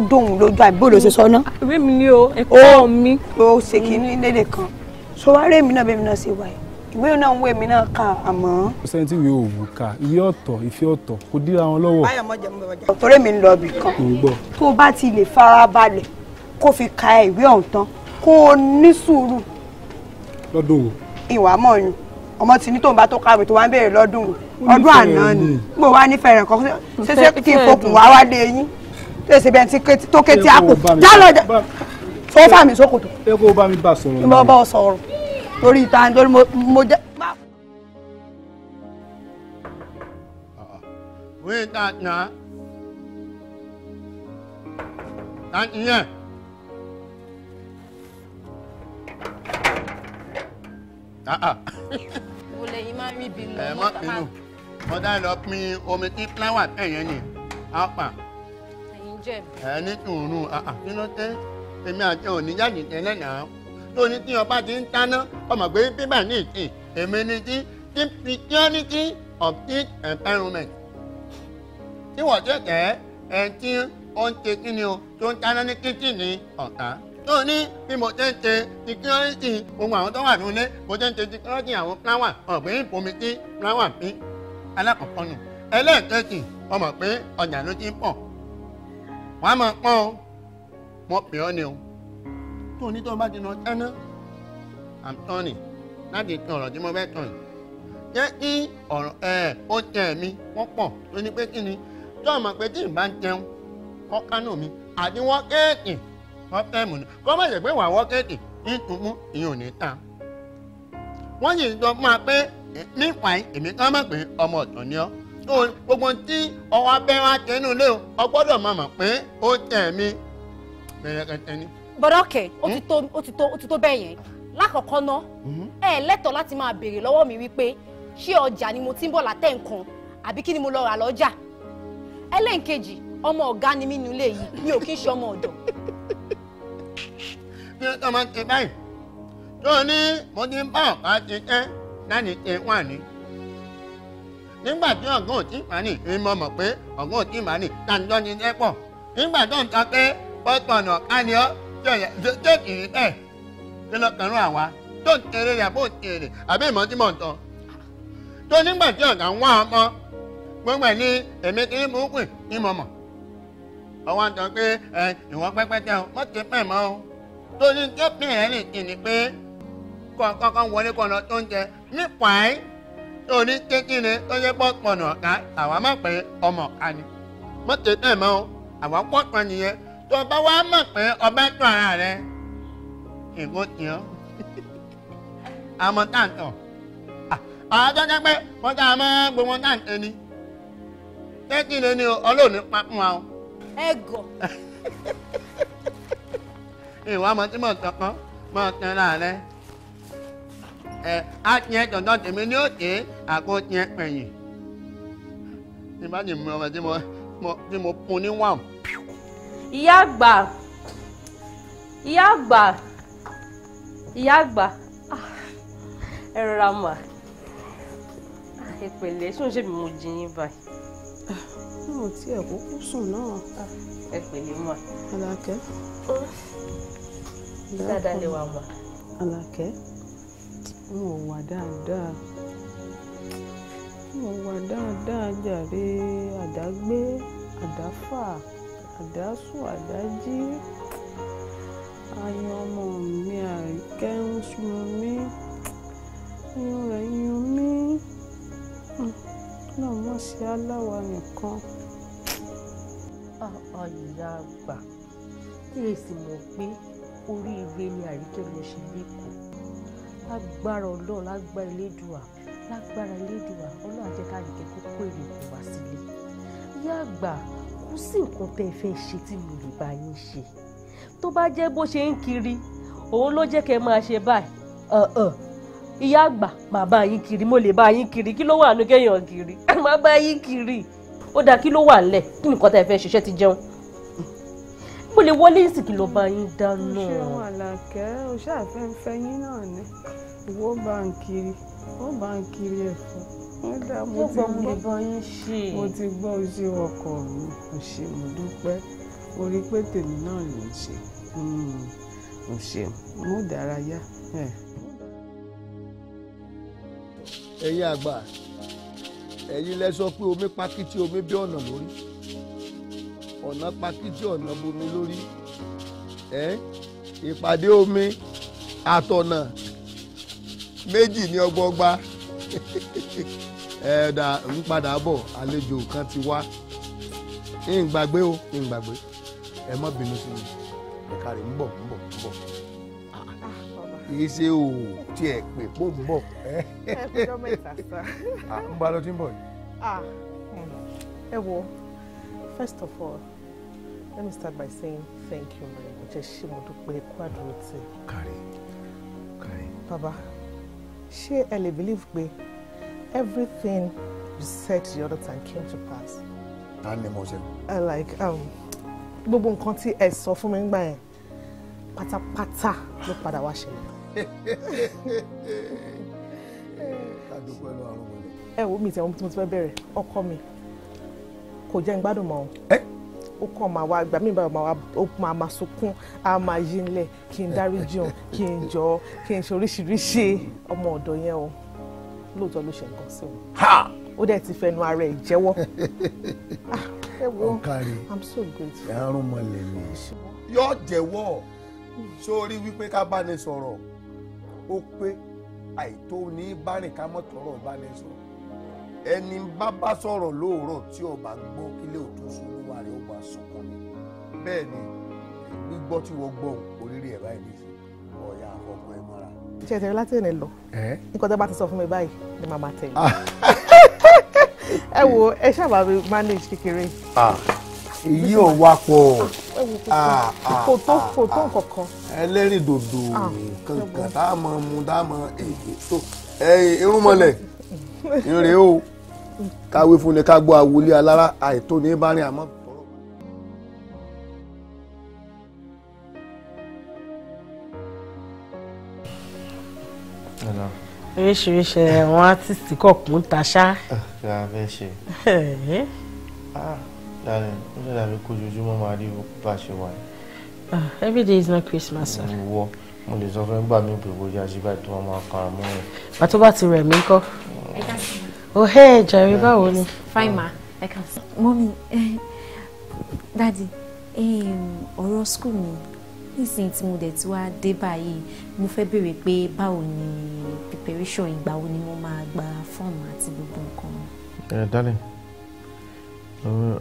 dóun lójú àbí bó ló ṣe sọ ná. ìwé mi ni o ẹ̀kọ́ mi. o ṣèkínní lédè kan sọ wá rémi náà bẹ́ẹ̀ mi náà ṣe wáyé ìwé náà ń wé mi náà kà àmọ́. kò sẹ́ni tí ìwé òwú ka ìwé ọ̀tọ̀ ìfẹ́ ọ̀tọ̀ kò díra wọn lọ́wọ́. báyọ̀ mi ń lọ ibì kan. tó o bá ti lè fara balẹ̀ kó fi ka ìwé ọ̀hún tán kó o ní sùúrù. lọ́dún wo. ìwà mọ̀yún ọmọ tí ní tòun bá tó kàwé tó wá ń béèrè lọ́dún wo ọdún àná ni mo wá nífẹ̀ẹ́ rẹ̀ kan ṣe ṣe kí n fokùn wá wá dé yín tẹsí bẹ́ẹ̀ tí tó ké o bá mi torí ìta nítorí mo jẹ́. wíì tàǹtà tàǹtì yẹn. mo lè yín máa ń rí ibi lọ. (laughs) ẹ má bínú mo dá lọ pin omi tí fúláwà tẹ̀yẹ́ ni á pa. ẹ̀yin jẹ̀bi. ẹ ní tùrù ah, ah. kí ló dé èmi àti òní jáde tẹ́lẹ̀ náà tó ní tí ọba ti ń taná ọmọ pé bíbà ní ìsìn èmi ni ti ti security of this environment tí wọ́n ṣẹ̀ṣẹ̀ ẹ̀ tí ó ń ṣe kí ni o tó ń taná ní kíchìnì ọ̀tá tó ní bí mo ṣe ń ṣe security gbogbo àwọn tó wà nílé mo ṣe ń ṣe security àwọn flower ọ̀gbìn ìbomi sí flower bí alákọ̀ọ́kọ́ nù ẹlẹ́ẹ̀kejì ọmọ pé ọjà ló ti ń pọ̀ wọ́n á máa pọ́n o mo pè ọ́ ni o tó ní tó bá ti nà tánná i'm turning láti tan ọ̀rọ̀ tí mo fẹ́ tàn yìí jẹ́ kí ọ̀rọ̀ ẹ̀ ó tẹ mi wọ́n pọ̀ tó ní pé kí ni tó ọmọ pé tí ìbá ń jẹun kọ́ kánú mi àti wọ́n kéèkì kọ́ fẹ́ẹ̀mù ni kọ́ má yẹ pé wà wọ́n kéèkì nítumú ìyẹn ò ní ta wọ́n yìí sọ fún wa pé nípa èmi kan mọ̀ pé ọmọ ọ̀tọ̀ ni ọ́ tó gbogbo tí ọwọ́ abẹ́rẹ́ àtẹnulẹ́ o ọgbọ́dọ̀ máa mọ̀ pé ó tẹ̀ mí bẹ̀rẹ̀ kẹtẹ ni bọ̀dọ̀ ọ̀kẹ́ ó ti hmm? tó ó ti tó ó ti tó bẹ́ẹ̀ yẹn lákọ̀ọ́kọ́ ná hmm? ẹ lẹ́tọ̀ọ́ láti máa béèrè lọ́wọ́ mi wípé ṣé ọjà ni mo ti ń bọ̀ látẹ̀ nǹkan àbí kí ni mo lọ rà lọ́jà ẹlẹ́ǹkejì ọmọ ọ̀gá ni mí nílé yìí mi ò kí ń ṣe ọmọ ọ̀dọ̀. bí wọ́n máa ń tẹ báyìí tó o ní mo ti ń bá ọ̀gá ti tẹ́ láti tẹ wà ní. nígbà tí ọ̀gá ò tí mà ní ìmọ̀ mọ̀ pé ọ̀gá ò tí mà ní ẹ pọ̀ nígbà tó ń ta pé pọ́tọ̀nà ká ni ọ́ jẹ́jẹ́ ẹ̀ ṣe lọ́kàn rán àwa tó ń tẹ̀lé rẹ̀ bó ń tẹ̀lé àbí ìmọ̀ tí mò ń tọ́ tó nígbà tí ọ̀gá ń wá ọmọ gbogbo ẹ̀ ní èmi kì í burúkú ní mọ̀mọ̀ ọwọ́ ń tọ́ pé ẹ ìwọ pẹ́pẹ́ o mọ̀ ti pẹ́ mọ́ o tó ní jẹ́pìn ẹ̀ lè tì ní pé kọ̀ọ̀kan wọlé kọ̀ lọ tó ń jẹ nípa ẹ̀ tó ní kékeré tó yẹ pọ̀ pọ̀nà ọ̀gá àwa má pé ọmọ ọ̀gá ni mọ̀ ti pẹ́ mọ́ o àwa pọ̀ pọ̀ nìyẹn tó bá wá mọ̀ pé ọba tó ara rẹ ègbó tiẹ̀ ọ́ àmọ́ àwọn tó pé wọ́n tá a máa gbé ni tẹ́tí lé ní ọlọ́ọ̀ni pa fún wa o. ẹ gọ̀. ìwà ọmọ tí mo sọ kan mo tẹ láàrẹ ẹ á tiẹ̀ tọ̀dọ̀ tèmi ní òkè àgọ́ tiẹ̀ pẹ̀yìn ìbájú mi ọmọ tí mo pun ní wàhùn ìyá àgbà ìyá àgbà ìyá àgbà ah, ẹ rọra mà ah, ẹ pẹ̀lẹ́ ṣé o ṣe mi mo jí yín báyìí. náà ah, tí ẹ kúkú sùn náà. ẹ pẹ̀lẹ́ mà. Àlàkẹ́. dáadáa lè wà mà. Àlàkẹ́ n ò wà dáadáa n ò wà dáadáa jàre àdágbé àdáfà àdásù àdájí ayọ̀ ọmọ mi àríkẹ́ ń sun mí ayọ̀ rẹ̀ yun mí náà mọ̀ sí aláwa nìkan. ọ̀yà àgbà kí lè sì mọ̀ pé oríire ni àríkẹ́ ló ṣe lẹ́kọ̀ọ́ lágbára ọlọ́run lágbára elédùà lágbára elédùà ọlọ́run á àríkẹ́ kó kó èrè wá sílé. ìyá àgbà sí nǹkan tẹ́ ẹ fẹ́ ṣe tí mo lè bá yín ṣe tó bá jẹ́ bó ṣe ń kiri òun ló jẹ́ kẹ́ ẹ máa ṣe báyìí ìyá àgbà má bá yín kiri mo lè bá yín kiri kí ló wà nù kéèyàn kiri (laughs) má bá yín kiri ó dáa kí ló wà lẹ̀ kí nǹkan tẹ́ ẹ fẹ́ ṣiṣẹ́ ti jẹun mo lè wọlé ìsìnkì lọ bá yín dáná. ṣé wọn àlàkẹ́ o ṣáà fẹ́ fẹ́ yín náà ni ìwọ bá ń kiri ó bá ń kiri ẹ̀fọ́ kódà mo ti gbọ́ mo ti gbọ́ oṣù ọkọ mi ò ṣe mo dúpẹ́ orí pé tèmi náà ló ń ṣe ò hmm, ṣe mo dárayá. ẹ̀yin àgbà ẹ̀yin lẹ pé omi pakítí omi bí ọ̀nà lórí ọ̀nà pakítí ọ̀nà bomi lórí ìpàdé omi àtọ̀nà méjì ní ọgbọọgba. (laughs) ẹ̀ẹ́dà ń padà bọ̀ àlejò kan ti wá ń gbàgbé o ń gbàgbé ẹ má bínú sí mi ẹ̀ka rẹ̀ ń bọ̀ ń bọ̀ ń bọ̀ kì o tí ẹ pè ń bọ̀. ẹ sá. ń bá lọ tí ń bọ̀ yìí. Hmm. ẹ wo first of all let me start by saying thank you my lord ẹ ṣé mo dúpẹ́ kú àdúró tì. kárí kárí. bàbá ṣé ẹ lè believe pé everything you said the other time came to pass. a ní mo ṣe. like um, gbogbo nǹkan tí ẹ sọ fún mi nígbà yẹn pátápátá ló padà wá ṣẹlẹ̀. (laughs) ẹ wo mi ìtẹ̀wọ́n tí mo ti fẹ́ bẹ̀rẹ̀ ọkọ mi kò jẹ́ n gbádùn mọ́ o ó kàn máa wá gbà mí báyọ̀ máa wá ó máa máa sunkún á máa yí nílẹ̀ kí n dáríjì òun kí n jọ kí n ṣe oríṣiríṣi ọmọ ọ̀dọ̀ yẹn o lóòótọ́ ló ṣe nǹkan sí òun ó dẹ̀ ti fẹnu ara ẹ̀ jẹ́wọ́ (laughs) ah, ẹ wo i'm so grateful. ẹ̀rùn mọ̀lẹ̀ mi. yóò jẹ́wọ́ sórí wípé ká bá ní sọ̀rọ̀ ó pé àìtó ní bá rìn ká mọ̀ tọrọ bá ní sọ̀rọ̀ ẹni bá bá sọ̀rọ̀ lóòrọ̀ tí ọba gbọ́ kílé òtún sùn lówà rẹ̀ ó máa sọ̀kan ni bẹ́ẹ̀ ni gbígbọ́ tí wọ́n gbọ́ òrìrì ẹ̀ báyìí nìyí ọ̀ya àfọ̀kọ́ ẹ̀ mọ́ra iṣẹ́ ìtẹ̀rẹ́ láti ẹ̀nì lọ nǹkan tẹ́ bá ti sọ fún mi báyìí ni màmá tẹ̀lé ah. (laughs) ẹ wo ẹ ṣáàbà mi manage kékeré. Ah, èyí ò wá pọ̀ kò tó ah, kò tó nǹkankan. ẹlẹ́rìí dòdò kankan tá a mọ̀ mu tá a mọ̀ èyí tó irun mọ́lẹ̀ ìrè (laughs) o káwé fúnni ká gbọ́ àwòlé alára àìtó ní bá rìn àmọ́. oríṣiríṣi àwọn artist kọ̀ọ̀kún ta ṣá. Ah, kí a fẹ́ ṣe. Ah, darling ó ṣe dàbí kó ojoojúmọ́ máa rí bá a ṣe wà. Ah, every day is not Christmas. ìwọ mo lè sọ fún gbà mí pé bóyá àṣìbá tó máa máa kan àmọ́ rẹ̀. bàtó bá ti rẹ̀ mí kọ́. òhè oh, jàre báwo ni. fine ma ẹ kàn sí. mọ́mí dádì ọ̀rọ̀ school mi nísìnyí tí mo dẹ̀ ti wá dé báyìí mo fẹ́ béèrè pé báwo ni preparation ìgbà wo ni mo máa gba fọ́ọ̀mù àti gbogbo nǹkan. ẹ eh, darling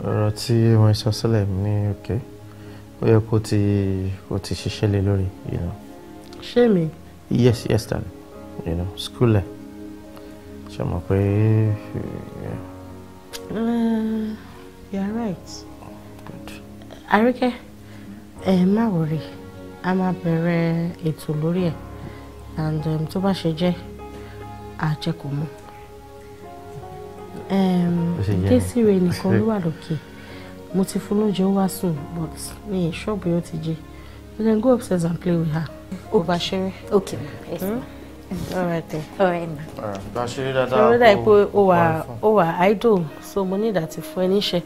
ọ̀rọ̀ tí wọ́n sọ sílẹ̀ ní òkè ó yẹ kó ti kó ti ṣiṣẹ́ lé lórí you know. ṣé mi. yes yes darling you know school ẹ ṣe mọ̀ pé. Uh, you are right. Arike, ẹ eh, má wòrè a máa bẹ̀rẹ̀ ètò lórí ẹ̀ and um, tó bá ṣe jẹ́ àjẹkù mu um, Desire nìkan ló (laughs) wà lókè mo ti fún lóúnjẹ ó wá sùn but mi ì ṣọ́ọ̀bù yóò ti jí you can go upstairs and play with her. ó bá ṣeré. okay yes ma. Hmm? all right then. all right ma. bá a ṣeré dáadáa. ṣeré dáa pé ó wà ó wà idle so mo ní ìdàtí fún ẹ níṣẹ́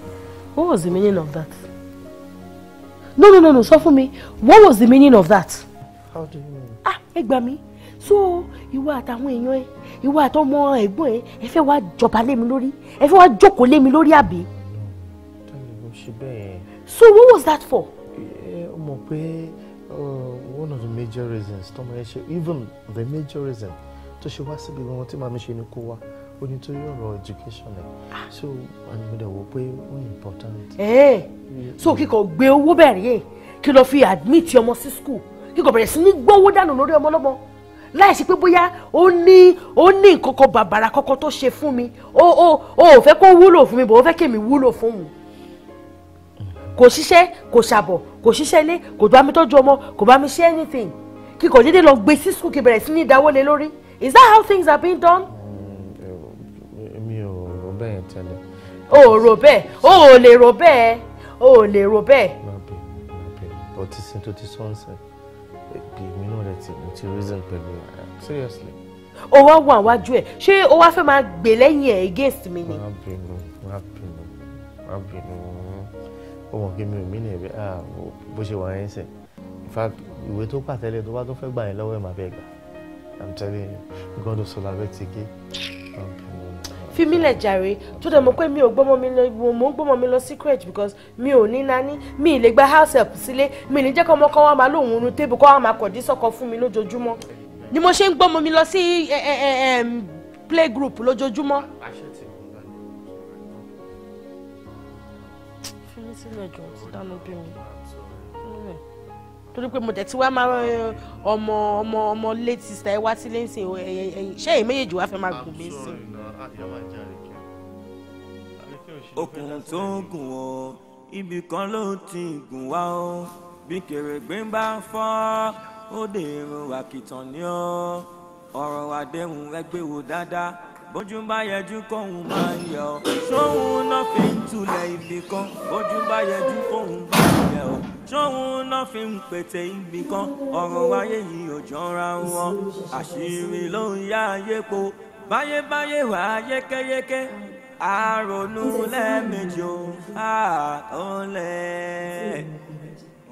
what was the meaning of that no no no no sọ fún mi what was the meaning of that. how do you mean. ah ẹ gbà mí so ìwọ àtàwọn èèyàn ẹ ìwọ àtọmọ ẹ̀gbọ́n ẹ ẹ fẹ́ wá jọba lé mi lórí ẹ fẹ́ wá jókòó lé mi lórí àbí. tani ló ṣe so what was that for. Uh, one of the major reasons even the major reason tó she was síbi wọn tí màmí ṣe ni kó ó ní torí ọ̀rọ̀ education ẹ̀ ah. so mo dẹ̀ wò pé ó important. ẹ̀ẹ́ eh, so mm. kíkọ gbé owó bẹ̀rẹ̀ yẹ kí lọ fi admit ọmọ sí school kíkọ bẹ̀rẹ̀ sí ní gbówó dànù lórí ọmọ lọ́mọ láì sí pé bóyá ó ní ó ní nǹkan kan bàbàrà kọ́kọ́ tó ṣe fún mi ó ó ó fẹ́ kó wúlò fún mi bò ó fẹ́ kémi wúlò fún un mm. kò ṣiṣẹ́ kò ṣàbọ̀ kò ṣiṣẹ́ ilé kò bá mi tọ́jú ọmọ kò bá mi ṣe anything kíkọ̀ dédé lọ gbé sí school kí bẹ̀rẹ̀ sí ní ìdáwọ́lé lórí is that how things are being done bẹ́ẹ̀ yẹn tẹ́lẹ̀. o ò rò bẹ́ẹ̀ o ò lè rò bẹ́ẹ̀ o ò lè rò bẹ́ẹ̀. má bẹ̀rù má bẹ̀rù but tí sin tó ti sọ́ọ̀sẹ̀ bí mi náà rẹ̀ ti ti reason pẹ̀lú seriously. o wá wọ àwájú ẹ ṣé o wá fẹ́ máa gbè lẹ́yìn ẹ̀ against mi ni. má bẹ̀rù má bẹ̀rù má bẹ̀rù ó mọ̀ kí mi ò mí nìyẹn bí bó ṣe wà yẹn sẹ̀ in fact ìwé tó pàtẹ́lẹ̀ tó bá tó fẹ́ gbà yẹn lọ́wọ́ ẹ̀ má bẹ́ẹ̀ gbà I'm telling you, God of Solar Vetiki. Okay fi mí lẹ̀ jàre tó dẹ̀ mọ̀ pé mi ò gbọ́mọ mi lọ mo ń gbọ́mọ mi lọ secret because mi ò ní nání mi ì lè gba house help sílé mi ì ní jẹ́ kọ́ ọmọ kan wá máa lóun nu tébù kọ́ wá máa kọ̀ dí sọ́kọ fún mi lójoojúmọ́ ni mo ṣe ń gbọ́mọ mi lọ sí play group lójoojúmọ́. fi mí sílẹ̀ jọ̀ọ́ ti dáná bí mi torí pé mo dẹ̀ ti wá máa ọmọ ọmọ ọmọ late sister ẹ wá sílé ńsìn ṣé èyí méjèèjì wá fẹ́ máa gùn mí sí. okùn tó ń gùn o ibì kan ló ti gùn wá o bí kèrègbè bá fọ́ ó dèrò àkìtàn ni ó ọ̀rọ̀ àdéhùn ẹgbẹ́ wò dáadáa bójú bá yẹjú kóhun máa yẹ ọ ṣóhun náà fi ń tulẹ̀ ibì kan bójú bá yẹjú kóhun bá yẹ ọ ṣóhun náà fi ń pètè ibì kan ọ̀rọ̀ wáyé yìí ò jọra wọn àṣírí ló ń yá ayé po báyébáyé wà yékéyéké àrònú lẹ́ẹ̀mejì ó àtọ́lẹ̀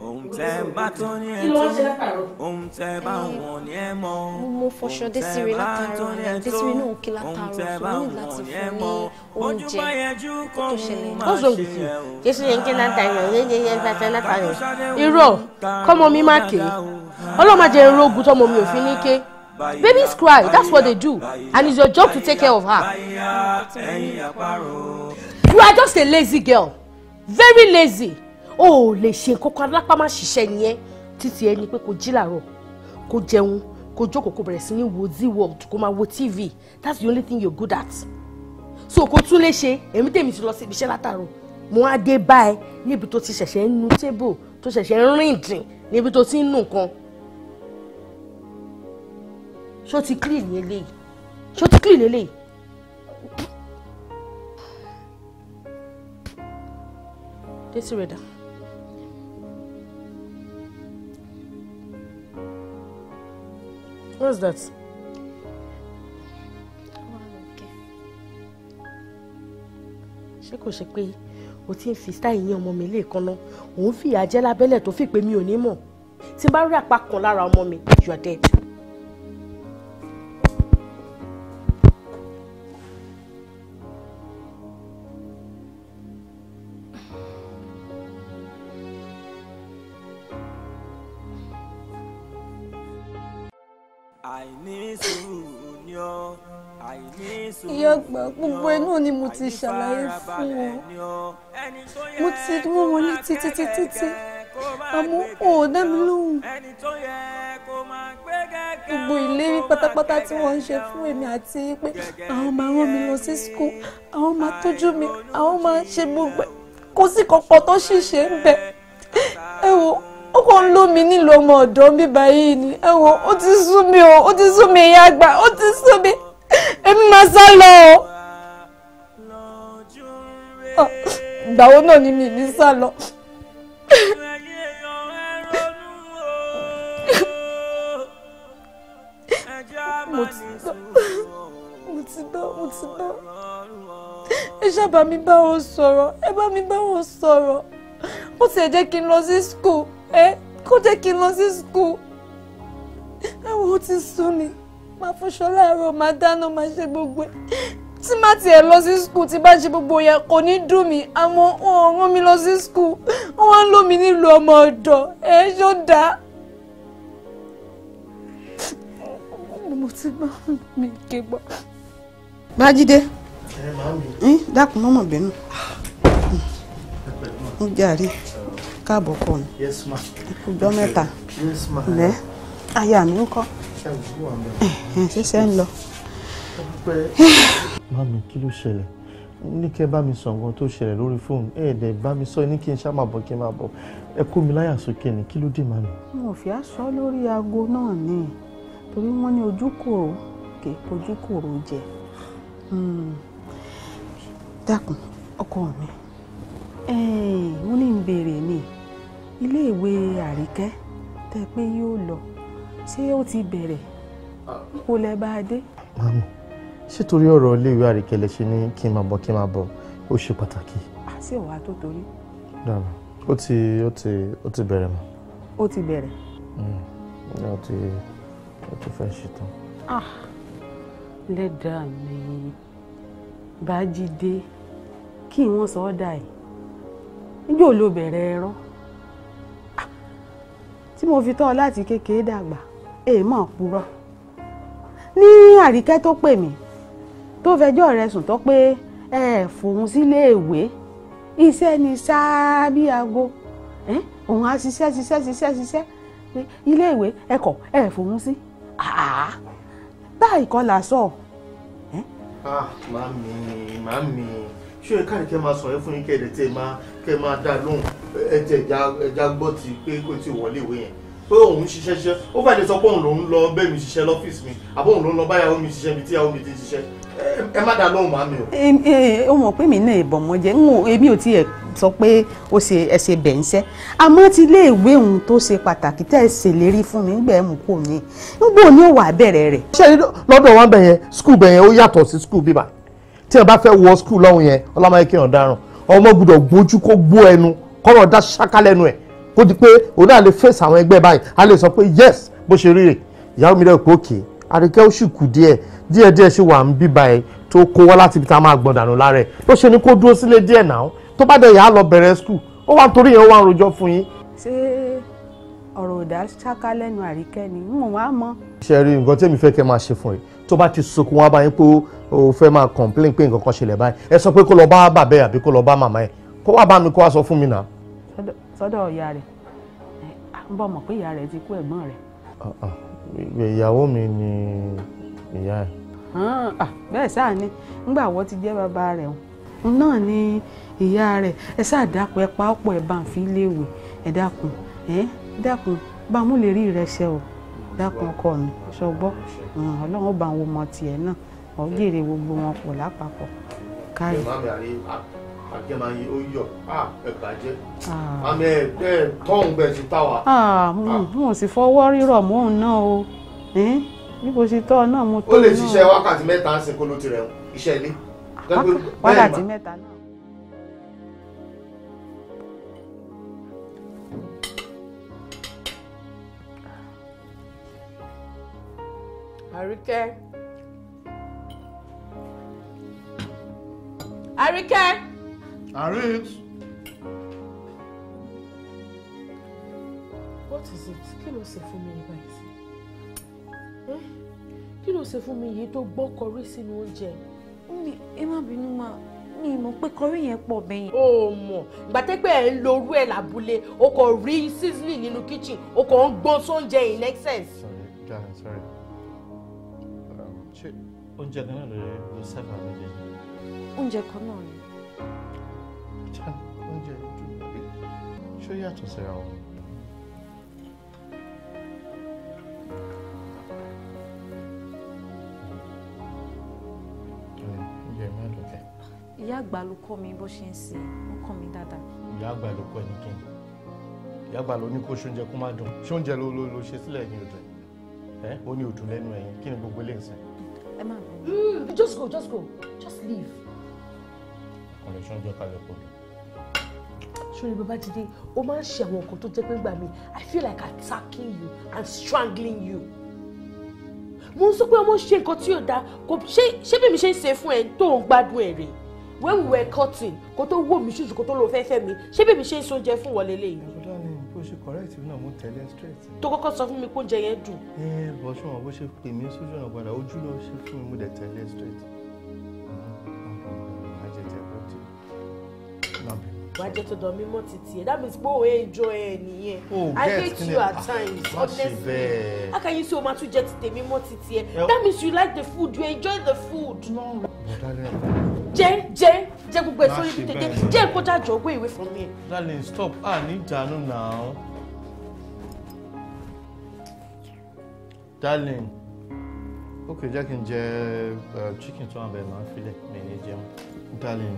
ohun tẹ bá tó ní ẹ tó ohun tẹ bá wọn ní ẹ mọ ohun tẹ bá tó ní ẹ tó ohun tẹ bá wọn ní ẹ mọ ojú bá yẹjú kó mú ṣe yẹ o. jésù yẹn kí náà tayọ yẹn yẹn yẹn fẹfẹ náà tayọ. irọ́ kọ́mọ mi máa ké ọlọ́màjẹ ń rogun tọ́mọ mi ò fi ní ké babies cry that's what they do and it's your job to take care of her. you are just a lazy girl very lazy o ò lè ṣe kókó alápá má ṣiṣẹ́ nìyẹn títí ẹni pé kò jí làárọ̀ kò jẹun kò jókòó kò bẹ̀rẹ̀ sí ní wo z world kò máa wo tv that's the only thing you're good at so kò tún lè ṣe èmi tèmi ti lọ sí ibiṣẹ́ látàrọ̀ mo á dé bá ẹ níbi tó ti ṣẹ̀ṣẹ̀ ń nu tébù tó ṣẹ̀ṣẹ̀ ń rìn dìn níbi tó ti ń nù nǹkan ṣó ti clean ní eléyìí ṣó ti clean ní eléyìí. Desiree dà. What's that? ṣé kò ṣe pé o ti ń fi sítáì yín ọmọ mi léèkánná òun fìyà jẹ lábẹ́lẹ̀ tó fi pé mi ò ní mọ̀ tí n bá rí àpá kan lára ọmọ mi you are dead. dàgbà gbogbo inú ni mo ti ṣàlàyé fún wọn mo ti mú wọn ní títí títí tí àmọ́ ò dá mi lóhùn gbogbo ìlérí pátápátá tí wọ́n ń ṣe fún èmi àti pé àwọn máa rán mi lọ sí skul àwọn máa tọ́jú mi àwọn máa ṣe gbogbo kò sí kankan tó ṣìṣe ń bẹ ẹ wo ó kàn ń lò mí nílò ọmọ ọ̀dọ́ bíbá yìí ni ẹ wo ó ti sú mi o ó ti sú mi ìyá àgbà ó ti sú mi èmi máa sá lọ o ah, ìgbàwo náà ni mi ní sá lọ. mo ti gbọ́ mo ti gbọ́ mo ti gbọ́ ẹ ṣáàbà mi bá wọn sọ̀rọ̀ ẹ bá mi bá wọn sọ̀rọ̀ ó ti ẹ̀ jẹ́ kí n lọ sí skul ẹ kó jẹ́ kí n lọ sí skul ẹ wọ́n ti sún ni máa fọṣọ láàárọ̀ máa dáná máa ṣe gbogbo ẹ̀ tí má tiẹ̀ lọ sí skul tí bá ṣe gbogbo yẹn kò ní dùn mí àmọ́ wọn ò rán mi lọ sí skul wọn ń lò mí nílùú ọmọ ọ̀dọ̀ ẹ̀ ṣó dáa. mo ti bá mi ké gbọ́. Bájídé dákun mọ́mọ́ bínú ń ah. jàre káàbọ̀ kọ́ ni ọjọ́ mẹ́ta ẹ̀ aya mi ń kọ́ ṣẹ̀ṣẹ̀ ń lọ. mami kí ló ṣẹlẹ̀ ní kí ẹ bá mi sọ nǹkan tó ṣẹlẹ̀ lórí fóònù ẹ ẹ̀dẹ̀ bá mi sọ ní kí n ṣá máa bọ̀ kí n máa bọ̀ ẹ kó mi láyà sókè ni kí ló dé màmí. mo fi aṣọ lórí aago náà ni torí wọ́n ní ojúkòrò kì í pojúkòrò jẹ hmm. dákun ọkọ mi mo ní ń béèrè ni iléèwé àríkẹ́ tẹ pé yóò lọ ṣé ó ti bẹ̀rẹ̀ kó lẹ bá a dé. màmú ṣé torí ọ̀rọ̀ iléèwé àríkẹ́lẹ́ ṣe ní kí n máa bọ̀ kí n máa bọ̀ ó ṣe pàtàkì. a sì wà tó torí. dàbà ó ti ó ti ó ti bẹ̀rẹ̀ mọ́. ó ti bẹ̀rẹ̀. Hmm. ó ti ó ti fẹ́ ṣetán. ah lẹ́dàá mi bájídé kí wọ́n sọ ọ́ dà yìí níjó ló bẹ̀rẹ̀ ẹ̀rọ ah, tí mo fi tọ́ ọ láti kékeré dàgbà èèmọ̀ purọ́ ní àríkẹ́ tó pè mí tó fẹjọ́ rẹ̀ sùn tó pé ẹ fòun sílé ìwé iṣẹ́ ni sáá bí aago òun á ṣiṣẹ́ ṣiṣẹ́ ṣiṣẹ́ ṣiṣẹ́ ilé ìwé ẹ̀kọ́ ẹ fòun sí bá ìkọlà sọ. màmí ah, màmí ṣé ẹ káàdì kẹ́ máa sọ yẹn fún yín kẹ́ ẹ̀ dẹ̀ tẹ́ ẹ máa kẹ́ ẹ máa dá lóhùn ẹ̀jẹ̀ ẹ̀já gbọ́ ti pé kó ti wọlé ìwé yẹn pé òun ń ṣiṣẹ́ ṣiṣẹ́ ó fẹ́ lè sọ pé òun lòún lọ bẹ́ẹ̀ mi ṣiṣẹ́ lọ́fíìsì mi àbí òun lòún lọ báyàwó mi ṣiṣẹ́ mi tíyàwó mi ti ṣiṣẹ́ ẹ má dáa lóhùn màmí o. o mọ̀ pé mi náà ìbọn mọ́ jẹ́ èmi ò tiẹ̀ sọ pé ó ṣe ẹsẹ̀ bẹ̀ǹṣẹ́ àmọ́ ti ilé ìwé òun tó ṣe pàtàkì tẹ́ ẹ ṣèlérí fún mi nígbà ẹ mú kó mi nígbà òní ò wà bẹ̀rẹ̀ rẹ̀. ṣé lọ́dọ̀ wọn bẹ̀yẹn skul bẹ̀yẹn ó yàtọ̀ sí skul bíbà tí ẹ bá fẹ́ wọ skul lọ́hùn yẹn ọlọ́mọ ẹ̀kẹ́ ọ̀daràn ọmọ gbọ́dọ̀ gbójú kó gbó ẹnu kọ́rọ̀ dá ṣáká lẹ́nu ẹ̀ kó di pé òun náà lè fèsì àwọn ẹgbẹ́ báyìí a lè sọ pé yes bó ṣe rí rè ìyàwó mi lẹ́yìn pé òkè àríkẹ́ ó sì kù díẹ̀ díẹ̀ díẹ̀ ṣì wà ń bíbá ẹ tó kó wá láti ibi tá a máa gbọ̀n dànù lára ẹ̀ bó ṣe ni kó dúró sílé díẹ̀ náà tó bá dẹ̀ yà á lọ bẹ̀rẹ̀ skul ó wà torí yẹn ó wà ń rojọ́ fún yín. ṣé ọ̀rọ̀ òdà ṣáká lẹ́nu àríkẹ́ ni n ò wá mọ́. ṣe rí nǹkan tẹ́mi fẹ́ kẹ́ máa ṣe fún ẹ tó bá ti sunkún wá báyìí pé o fẹ́ máa complain pé nǹkan kan ṣẹlẹ̀ báyìí ẹ sọ pé kó lọ bá bàbá ẹ àbí kó lọ bá màmá ẹ kó wá bá mi kó wá sọ fún mi náà sọ́dọ̀ ìyá rẹ̀ à ń bọ̀ mọ̀ pé ìyá rẹ̀ ti kú ẹ̀gbọ́n rẹ̀. ìyàwó mi ni ìyá ẹ̀. bẹ́ẹ̀ sáà ni ńgbà wọ́n ti jẹ́ bàbá rẹ̀ òun náà ni ìyá rẹ̀ ẹ sáà dákun ẹ pa ọ̀pọ̀ ẹ̀ bá ń fi léèwé ẹ dákun ẹ dákun bá mú lè rí ìrẹsẹ o dákun ọkọ mi ṣọgbọ́ ọlọ́run bá wọn mọ tiẹ̀ náà ọ̀gẹ̀rẹ̀ gbogbo wọn pọ̀ lápapọ̀ káyọ̀ àjẹ́ máa yí ó yọ̀ ah, ẹ bàjẹ́ ah. àmì ẹ tọ́hún bẹ́ẹ̀ ti tá wa. Ah, mo sì fọwọ́ rírọ̀ mò ń ná o bí kò ṣe tọ́ náà mo tó náà. ó lè ṣiṣẹ́ wákàtí mẹ́ta ń sìnkú ló ti rẹ̀ iṣẹ́ ilé. wákàtí mẹ́ta náà. Àríkẹ́. Àríkẹ́. Marit. What is it? Kí ló ṣe fún mi yìí báyìí? Hmm? Kí ló ṣe fún mi yìí tó gbọ́ kọrí sínú oúnjẹ? Mi ẹ má bínú máa mi mọ̀ pé kọrí yẹn pọ̀ bẹ́yìn. o mọ̀ gbàtẹ́pẹ́ ẹ̀ ń lo ẹ̀ lábúlé o kò rí seasoning nínú kitchen o kò ń gbọ́n sóúnjẹ in excess. sorry darling sorry um, ṣé oúnjẹ kan náà ló rẹ ló sábà lóúnjẹ. oúnjẹ kan náà ni ajá oúnjẹ ìdúró ṣó yàtọ̀ ìyá àgbà ló kọ́ mi bó ṣe ń ṣe ó kọ́ mi dáadáa. ìyá àgbà ló kọ́ ẹni kí ni ìyá àgbà ló ní kó ṣoúnjẹ kó má dùn ṣoúnjẹ ló ló ló ṣe sílẹ̀ ní òdùn ẹ ó ní òdùn lẹ́nu ẹ̀yìn kí ni gbogbo eléyìí sìn. ẹ má bẹ̀rẹ̀. just go just go just leave. ọ̀rẹ́ ṣoúnjẹ kalẹ̀ kó dùn sori Babájídé o máa ń ṣe àwọn nǹkan tó jẹ́ pé gbà mí i feel like attacking you and strangling you mo ń sọ pé ọmọ ṣe nǹkan tí ò dáa kò ṣe ṣé bí mi ṣe ń ṣe fún ẹ tó ń gbádùn ẹ rèé when we were cutting kó tó wò mí ṣùṣù kó tó lọ fẹ́ fẹ́ mi ṣé bí mi ṣe ń ṣe oúnjẹ fún wọlé lẹ́yìn mi. ọ̀dọ́ ni bó ṣe correct náà mo tẹ̀lé straight. tó kọ́kọ́ sọ fún mi pé oúnjẹ yẹn dùn. ẹ ẹ bọ ṣùgbọ́n bó ṣe pè mí sójú ọ̀nà padà ojú ló ṣe fún mi mo dẹ̀ tẹ̀lé straight. máa jẹ tẹ̀ bó ti máa bẹ̀rẹ̀ wàá jẹ́ tó mímọ́ títí ẹ̀ that means pé òun enjoy ẹ nìyẹn oh, i hate you at ah, times honestly how can you say o máa tún jẹ́ títẹ̀ mímọ́ títí ẹ̀ that means you like the food you enjoy the food. jẹ jẹ jẹ gbogbo ẹ sórí títẹ jẹ jẹ nǹkan dájọ go away from me. darling stop ah ní ìjánu náà darling ó kò jẹ́ kí n jẹ eh, chicken tó wà bẹ́ẹ̀ máa ń filẹ̀ mi ní jẹun darling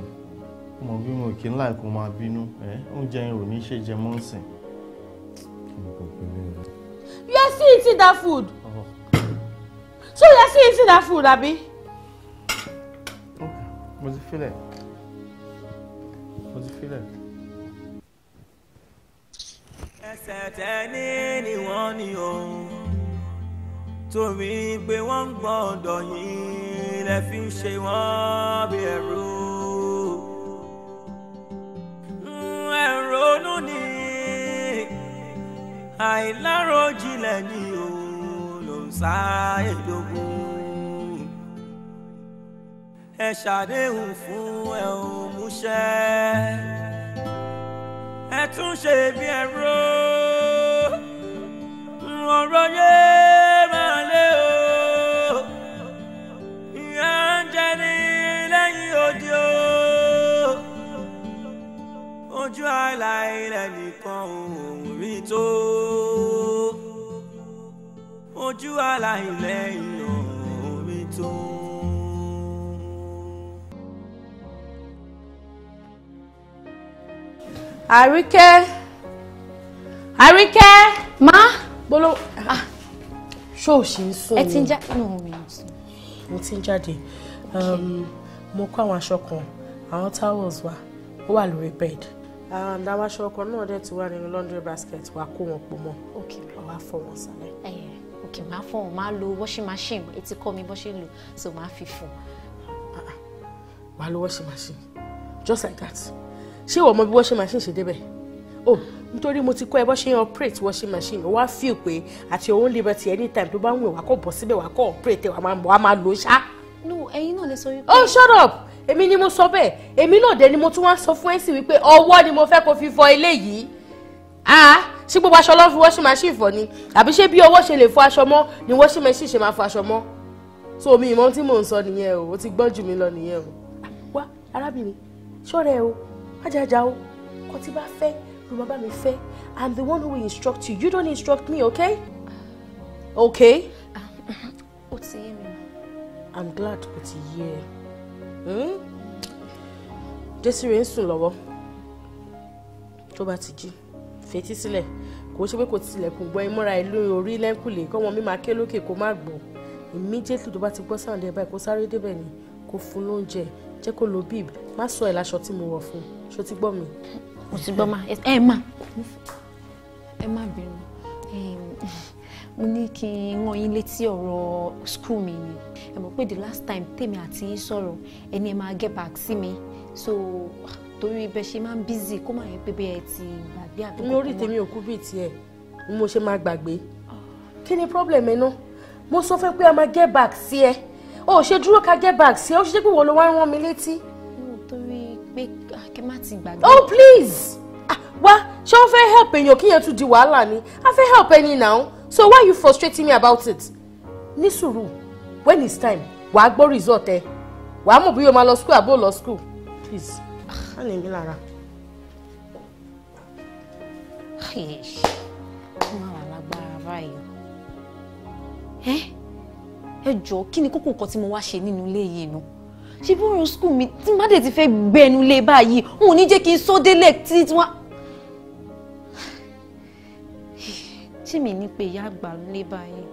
mo bí mo kì í láì kó máa bínú oúnjẹ yẹn ò ní ṣe jẹ mọ́ nsìn. you are still eating that food so you are still eating that food abi. mo ti filẹ̀ mo ti filẹ̀. ẹsẹ̀ tẹ́ni ni wọ́n ní òun torí pé wọ́n gbọ́dọ̀ yìí lè ṣe wọ́n bí ẹrú. àìláròjinlẹ̀ ni o ló ń sá èdògún ẹ ṣàdéhùn fún ẹ ò múṣẹ ẹ tún ṣe bí ẹ ró ọ̀rọ̀ yé máa lé o ojú àìláìlẹ̀ nìkan òun rí tó ojú aláìlẹ́yìn omi tó. àríkẹ́ àríkẹ́ má bolo ah, ṣó o ṣì ń sùn ẹ ti ń jáde nù mí mo ti ń jáde um, mo kó àwọn aṣọ kan àwọn towels wa ó wà lórí bed àwọn aṣọ ọkọ náà dẹ̀ ti wà nínú laundry basket wa kó wọn pọ̀ mọ́ wa fọ wọn sálẹ̀ ok máa fọ òun máa lo washing machine etí kọ́ mi bó ṣe ń lò so máa fi fọ. wàá ah, ah, lo washing machine just like that ṣé ìwọ mọ bí washing machine ṣe débẹ̀ o oh, nítorí mo ti kọ́ ẹ bó ṣe ń operate washing machine wá feel pé àti òun liberty anytime tó bá ń wẹ̀ wá kó bọ̀ síbẹ̀ wá kó operate wá máa lò ṣá. no ẹ̀yin náà lè sọ wípé. oh shut up èmi ni mo sọ bẹ́ẹ̀ èmi náà dé ni mo tún wá sọ fún ẹ sí wípé ọwọ́ ni mo fẹ́ kó fi fọ eléyìí ah ṣé gbogbo aṣọ lọ́n fi washing machine fọ̀ ni àbí ṣé bí ọwọ́ ṣe lè fọ aṣọ mọ́ ni washing machine ṣe máa fọ aṣọ mọ́ so mi ìmọ̀ tí mò ń sọ nìyẹn o ó ti gbọ́n jù mí lọ nìyẹn o. wá arábìnrin ṣọ́rẹ́ o ajaja o kò tí bá fẹ́ ló máa bá mi fẹ́ i'm the one who will instruct you you don't instruct me okay okay. ó ti yé mi mọ́. i'm glad kò ti yé ẹ Desire hmm? ń sùn lọ́wọ́ tó bá ti jí fetí sílẹ̀ kò ṣe pé kò tilẹ̀kùn gbọ́ ìmúra ìlú orí lẹ́ńkùlé kọ́ wọn mi máa ké lókè kó má gbọ́ immediately tó bá ti gbọ́ sound ẹ̀ kó sáré débẹ̀ ni kó fún lóúnjẹ jẹ́ kó lo bíb má sọ ẹ̀ láṣọ tí mo wọ̀ fún ṣó ti gbọ́ mi. mo ti gbọ́ ma ẹ má ẹ má bínú mo ní kí n rán yín létí ọ̀rọ̀ school mi ni ẹ mọ̀ pé the last time tèmi àti yín sọ̀rọ̀ ẹni ẹ máa get back sí mi so torí ibẹ̀ ṣe máa ń bízì kó má yẹ pé bẹ́ẹ̀ ẹ ti gbàgbé àbí kókó. lórí tèmi ò kú bíi tiẹ̀ mo ṣe máa gbàgbé kí ni problem ẹ náà mo sọ fẹ́ pé a máa get back sí ẹ o ò ṣe dúró ká get back sí ẹ ó ṣe pé wo ló wá ń rán mi létí. mo torí pé kí má ti gbàgbé. oh please ah, wá ṣé wọ́n fẹ́ help èèyàn kí yẹn tún di wàhálà ni a fẹ́ help ẹni now so why you frustrating me about it. ní sùúrù when it's time wàá gbọ́ result ẹ wàá mọ̀ bí o máa lọ school àbó lọ school please ṣá lè mí lára. ó máa wà lágbára báyìí ẹ ẹ jọ̀ọ́ kí ni kókó nǹkan tí mo wá ṣe nínú ilé yìí nu ṣé bí ọ̀rọ̀ skul mi tí má dé ti fẹ́ gbẹnu lé báyìí n ò ní jẹ́ kí n sọ délẹ̀ tí tí wọ́n. (sighs) ṣé mi ní pé ìyá àgbà ń lé báyìí.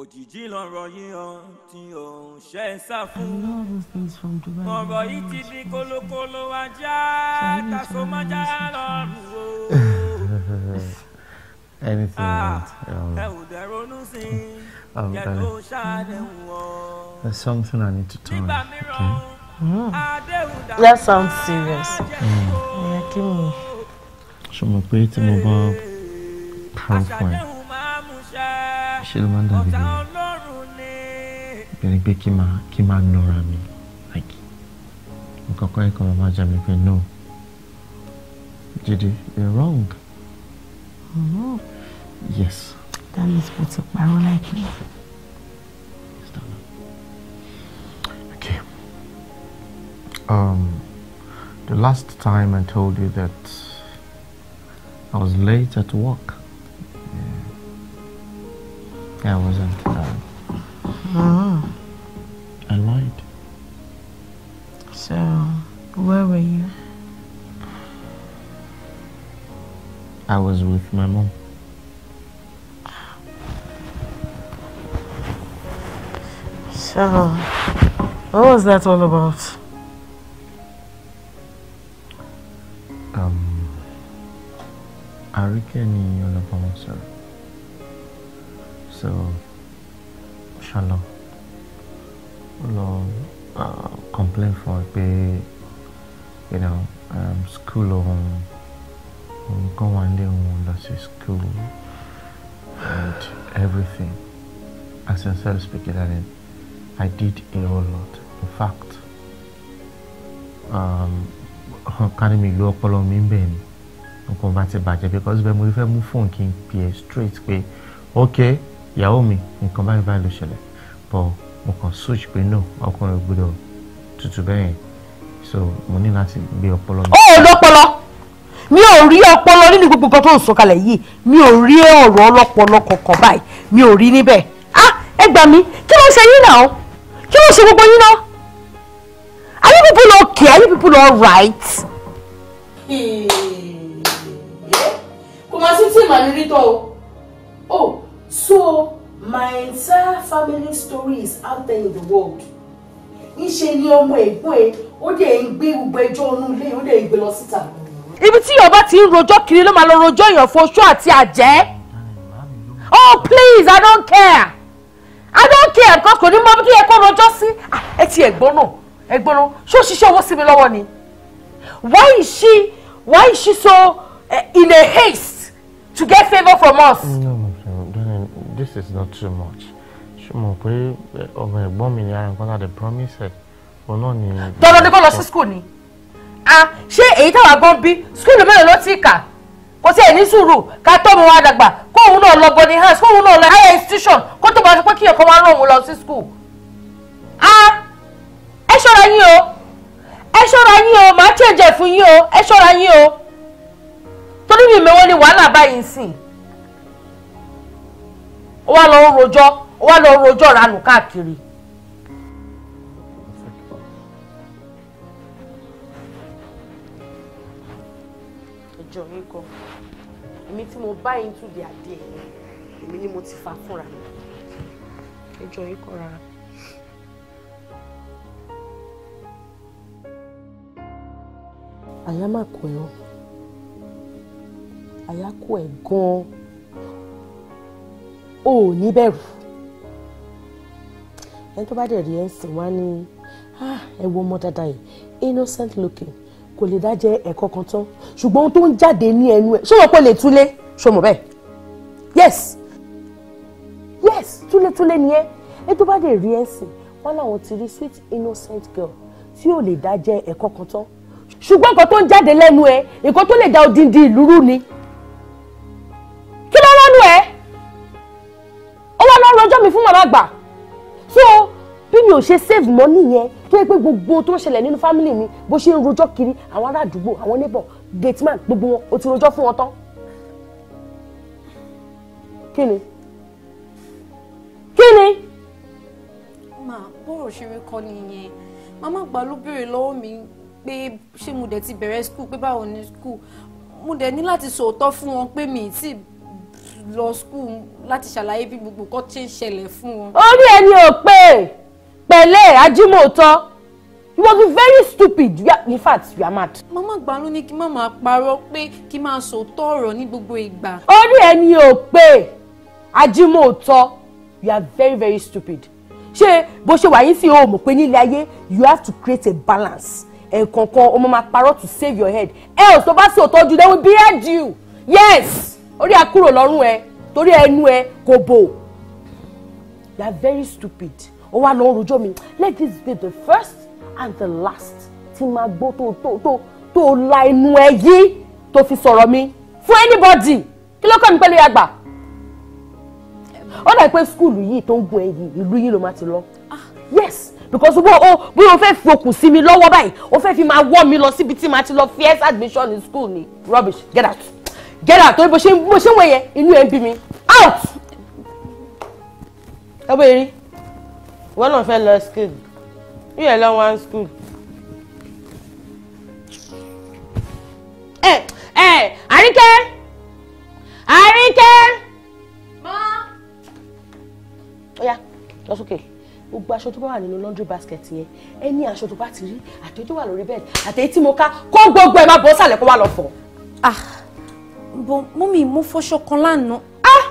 òjijì lọ́rọ̀ yìí hàn tí òun ṣe ń sá fún. ọ̀rọ̀ yìí ti di kólókóló ajá tasomọ́já lọ́rùn o. (laughs) anything ah, um, (laughs) um, there's something I need to tell you. Okay? Mm. That sounds serious. Mm. Yeah, give me. ṣùgbọ́n pé ṣe ló máa ń dàbí mi bẹ̀rẹ̀ pé kí máa kí máa nọra mi like nǹkan kan ẹ̀kọ́ máa máa jà mí pé no Jide you're wrong. Mm-hmm. yes. that means mo ti parọ́ láìpẹ́. okay um, the last time I told you that I was late at work. I wasn't wrong. Oh. Uh, ah. I lied. So, where were you? I was with my mom. So, what was that all about? Um, Arike ni Olabamasara. so shalom. lọ ó complain for ẹ pé you know um, school òun òun kọ́ wá ń lé òun lọ school and everything and sincerely speaking I, mean, I did a whole lot in fact kánú mi ìlú ọpọlọ mi ń bẹ̀ ni nǹkan bá ti bàjẹ́ because bẹ́ẹ̀ mo fẹ́ mú fóònù kí n pè é straight pé okay ìyàwó mi nǹkan báyìí báyìí ló ṣẹlẹ̀ but mo kàn switch pé no ọkùnrin ò gbọdọ̀ tutù bẹ́ẹ̀ yẹn so mo ní láti gbé ọpọlọ mi. ó lọ́pọlọ mi ò rí ọpọlọ nínú gbogbo nǹkan tó ń sọ kalẹ̀ yìí mi ò rí ọ̀rọ̀ ọlọ́pọlọ kankan báyìí mi ò rí níbẹ̀ ah ẹ gbà mí kí ló ń ṣe yín náà kí ló ń ṣe gbogbo yín náà are you people okay are you people alright. kò máa sí tí màá ní rí tọ́ o. Oh. So, my entire family story is out there in the world. Níṣe ni omo ẹ̀gbọ́n ẹ̀ ó dẹ̀ ń gbé gbogbo ẹjọ́ inú ilé ó dẹ̀ ń gbé lọ síta. Ibi tí Yorùbá ti ń rojọ́ kiri lo máa lọ rojọ́ èèyàn fún oṣó àti àjẹ́. Oh please, I don't care. I don't care because kò ní mọ bí ẹ kó rojọ́ sí. Ah, ẹ ti ẹ̀gbọ́n náà ẹ̀gbọ́n náà ṣé ó ṣiṣẹ́ owó sí mi lọ́wọ́ ni? Why is she why is she so uh, in a haste to get favour from us? Mm this is not too much ṣé mo pé eh, ọmọ ẹ̀gbọ́n mi ni ara nǹkan láti promise ẹ̀ òun náà ni. dandan ni kó lọ sí school ni ṣé èyí táwa gan bí school mẹ́rin ló ti kà kò sí ẹni sùúrù ká tó mu wa dàgbà kóun náà lọ body house kóun náà lọ higher institution kó tó bá ṣe pé kí ọkọ wa rán òun lọ sí school. ẹ ṣọ́ra yín o ẹ ṣọ́ra yín o màá change ẹ̀ fún yín o ẹ ṣọ́ra yín o torí mi ìmẹ̀wọ́ ni wàhálà báyìí sìn ó wá lọ rojọ́ ó wá lọ rojọ́ ranù káàkiri. ẹjọ́ yín kọ́ èmi tí mo bá yín túde àdé èmi ni mo ti fà fúnra ẹjọ́ yín kọ́ rárá. àyà má kọ ẹ o àyà kọ ẹ gan-an o ò ní bẹ̀rù ẹni tó bá dẹ̀ rí ẹ̀ ń sìn wá ní ah, ẹ wo ọmọ dáadáa yìí innocent looking kò lè dájẹ́ ẹ̀kọ́ kan tán ṣùgbọ́n ohun tó ń jáde ní ẹnu ẹ̀ ṣé wọn kò lè túlé ṣé mo bẹ́ẹ̀ yes yes túlétúlé ni ẹ ẹ tó bá dẹ̀ rí ẹ̀ ń sìn wọn làwọn ti rí sweet innocent girl tí ò lè dájẹ́ ẹ̀kọ́ kan tán ṣùgbọ́n nǹkan tó ń jáde lẹ́nu ẹ̀ nǹkan tó lè da odindi ìlú rú ni. gbà so bí mi ò ṣe save money yẹn tó yẹ pé gbogbo tó ń ṣẹlẹ̀ nínú family mi bó ṣe ń rojọ́ kiri àwọn ará àdúgbò àwọn neighbor gate man gbogbo wọn o ti rojọ́ fún wọn tán kí ni kí ni. mà bọ́rọ̀ ṣe rí kọ́ nìyẹn màmá àgbà ló béèrè lọ́wọ́ mi pé ṣé mo dẹ̀ ti bẹ̀rẹ̀ school pé báwo ni school mo dẹ̀ ní láti sòótọ́ fún wọn pé mi ì tí ì lọ skul láti ṣàlàyé bí gbogbo nǹkan ti ń ṣẹlẹ̀ fún wọn. orí ẹni ò pé pẹ̀lẹ́ ajímọ̀tọ́ you must very stupid in fact you are mad. mama gbalu ni kí mama parọ́ pé kí máa sòótọ́ ọ̀rọ̀ ní gbogbo ìgbà. orí ẹni ò pé ajímọ̀tọ́ you are very very stupid ṣé bó ṣe wà yín sí o mọ̀ pé nílé ayé you have to create a balance ẹ̀ẹ̀kọ̀ọ̀kan o máa parọ́ to save your head else tó bá sí òtọ́jú they will behead you yes orí a kúrò lọ́rùn ẹ torí ẹnu ẹ kò bò you are very stupid ó wá lọ rojọ́ mi let this be the first and the last tí máa gbọ́ tó tó tó tó la ẹnu ẹ yí tó fi sọ̀rọ̀ mi fún anybody kí ló kọ́ mi pẹ̀lú àgbà ó dà pé skúlù yìí tó ń gun ẹyìn ìlú yìí ló máa ti lọ ah. yes because bó o bó o fẹ́ fi sí mi lọ́wọ́ báyìí o fẹ́ fi máa wọ́ mi lọ síbi tí màá ti lọ fi ẹ́sà admission in school ni rubbish get out get out torí bó ṣe bó ṣe ń wẹ̀yẹ inú ẹ̀ ń bí mi out. ẹ bóyá rí ìwọ náà fẹ́ lọ school You yẹ lọ one school. ẹ eh, ẹ eh, àríkẹ́ àríkẹ́. mọ́. ó yá lọ sókè. Okay gbogbo aṣọ tó bá wà nínú laundry basket yẹn ẹni aṣọ tó bá ti rí àtẹ tó wà lórí bẹ́ẹ̀dì àtẹ tí mo ká kó gbogbo ẹ má bọ́ sàlẹ̀ kó wà lọ fọ̀. ah bọ mọ́mì mo fọṣọ kan lánàá. ah!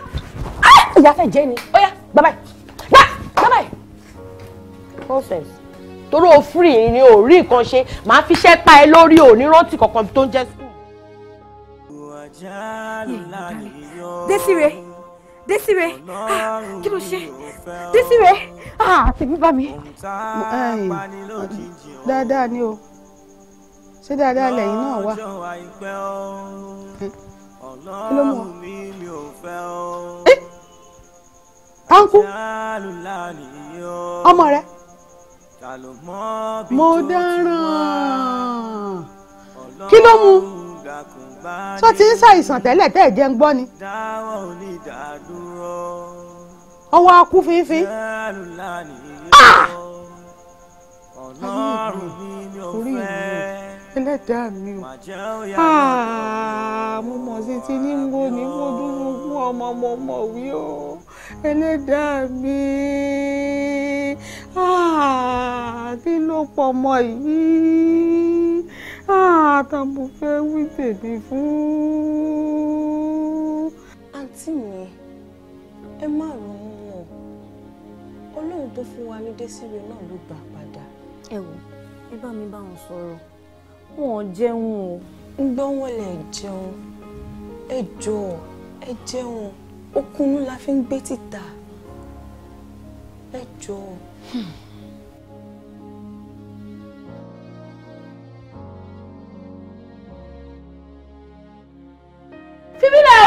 ah! fẹ́ jẹ́ ni ó yá bàbá bye bye. yìí. bye. torí o fúri free, ni o rí nǹkan ṣe màá fi iṣẹ́ pa ẹ lórí òní rántí kankan tó ń jẹ́ school. Desire Desire ah, kí ló ṣe Desire ah, tèmi bá mi. Eh, dáadáa ni o ṣé dáadáa lẹ́yìn náà wà. Eh! Ah! ọlọ́run mi mi ò fẹ́ ọ́. Tanku ọmọ rẹ mo dáràn kí ló mu tó ti ń ṣàìsàn tẹ́lẹ̀ tẹ́ ẹ̀ jẹ́ ń gbọ́ ni ọwọ́ akú fínfín orí mi ò fẹ́ ẹlẹ́dàá mi o mo mọ̀ sí ti ní wo ní wo dúró fún ọmọ mo mọ̀ wí o ẹlẹ́dàá mi kí ló pọ̀ ọmọ yìí tá mo fẹ́ wí tèmi fún. àǹtí mi ẹ má ronú wọn ọlọ́run tó fún wa ní désìrè náà ló gbà padà. ẹ wo ẹ bá mi bá wọn sọ̀rọ̀ wọn ò jẹun o. ń gbọ́ wọn lè jẹun ẹ jọ̀ọ́ ẹ jẹun okunnu la fi ń gbé títà ẹ jọ̀ọ́. Hmm. fìbílẹ̀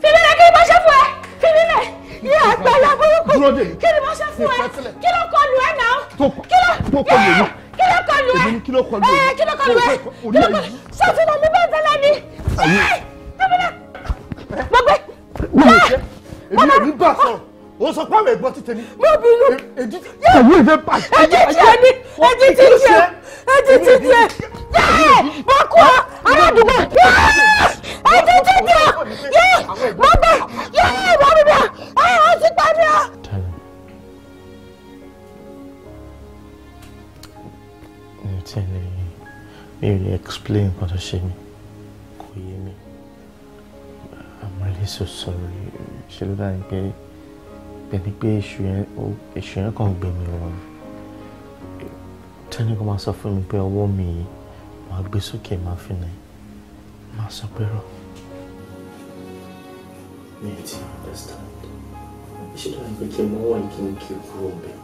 kí n bá ṣe fún ẹ fìbílẹ̀ bí àgbàlá burúkú kí ni mo ṣe fún ẹ kí ló kọlù ẹ náà kí ló kọlù ẹ kí ló kọlù ẹ eh, kí ló kọlù ẹ kí ló kọlù ẹ ṣé ti lọ ní bẹ́ẹ̀ tẹ́lẹ̀ ni ẹ tẹ́lẹ̀ mo gbé. Ah! èmi ò ní bá sọ̀rọ̀ o sọ pé àwọn ẹ̀gbọ́n ti tẹ̀lé. mo bínú. èdè tí ìyàwó ẹ fẹ́ bá. èdè tí ẹ ní èdè tí tí ẹ èdè tí tí ẹ yẹ mo kú ọ aládùúgbò èdè tí tí ẹ yẹ mo bẹ yẹ mo bí bẹ ẹ ọ ti pa mí ọ. mi ò lè explain nǹkan tó ṣe mí kò yé mi I'm really so sorry ṣe ló dáa ní pé bẹ́ẹ̀ ni pé èṣù yẹn èṣù yẹn kàn gbé mi wọn tẹ́ni kan máa sọ fún mi pé ọwọ́ mi yìí máa gbé sókè máa fi nà máa sọ pé rọ. mi ò tí understand ṣé dáa pé kí n máa wà kí n kí n kúrò bẹ́ẹ̀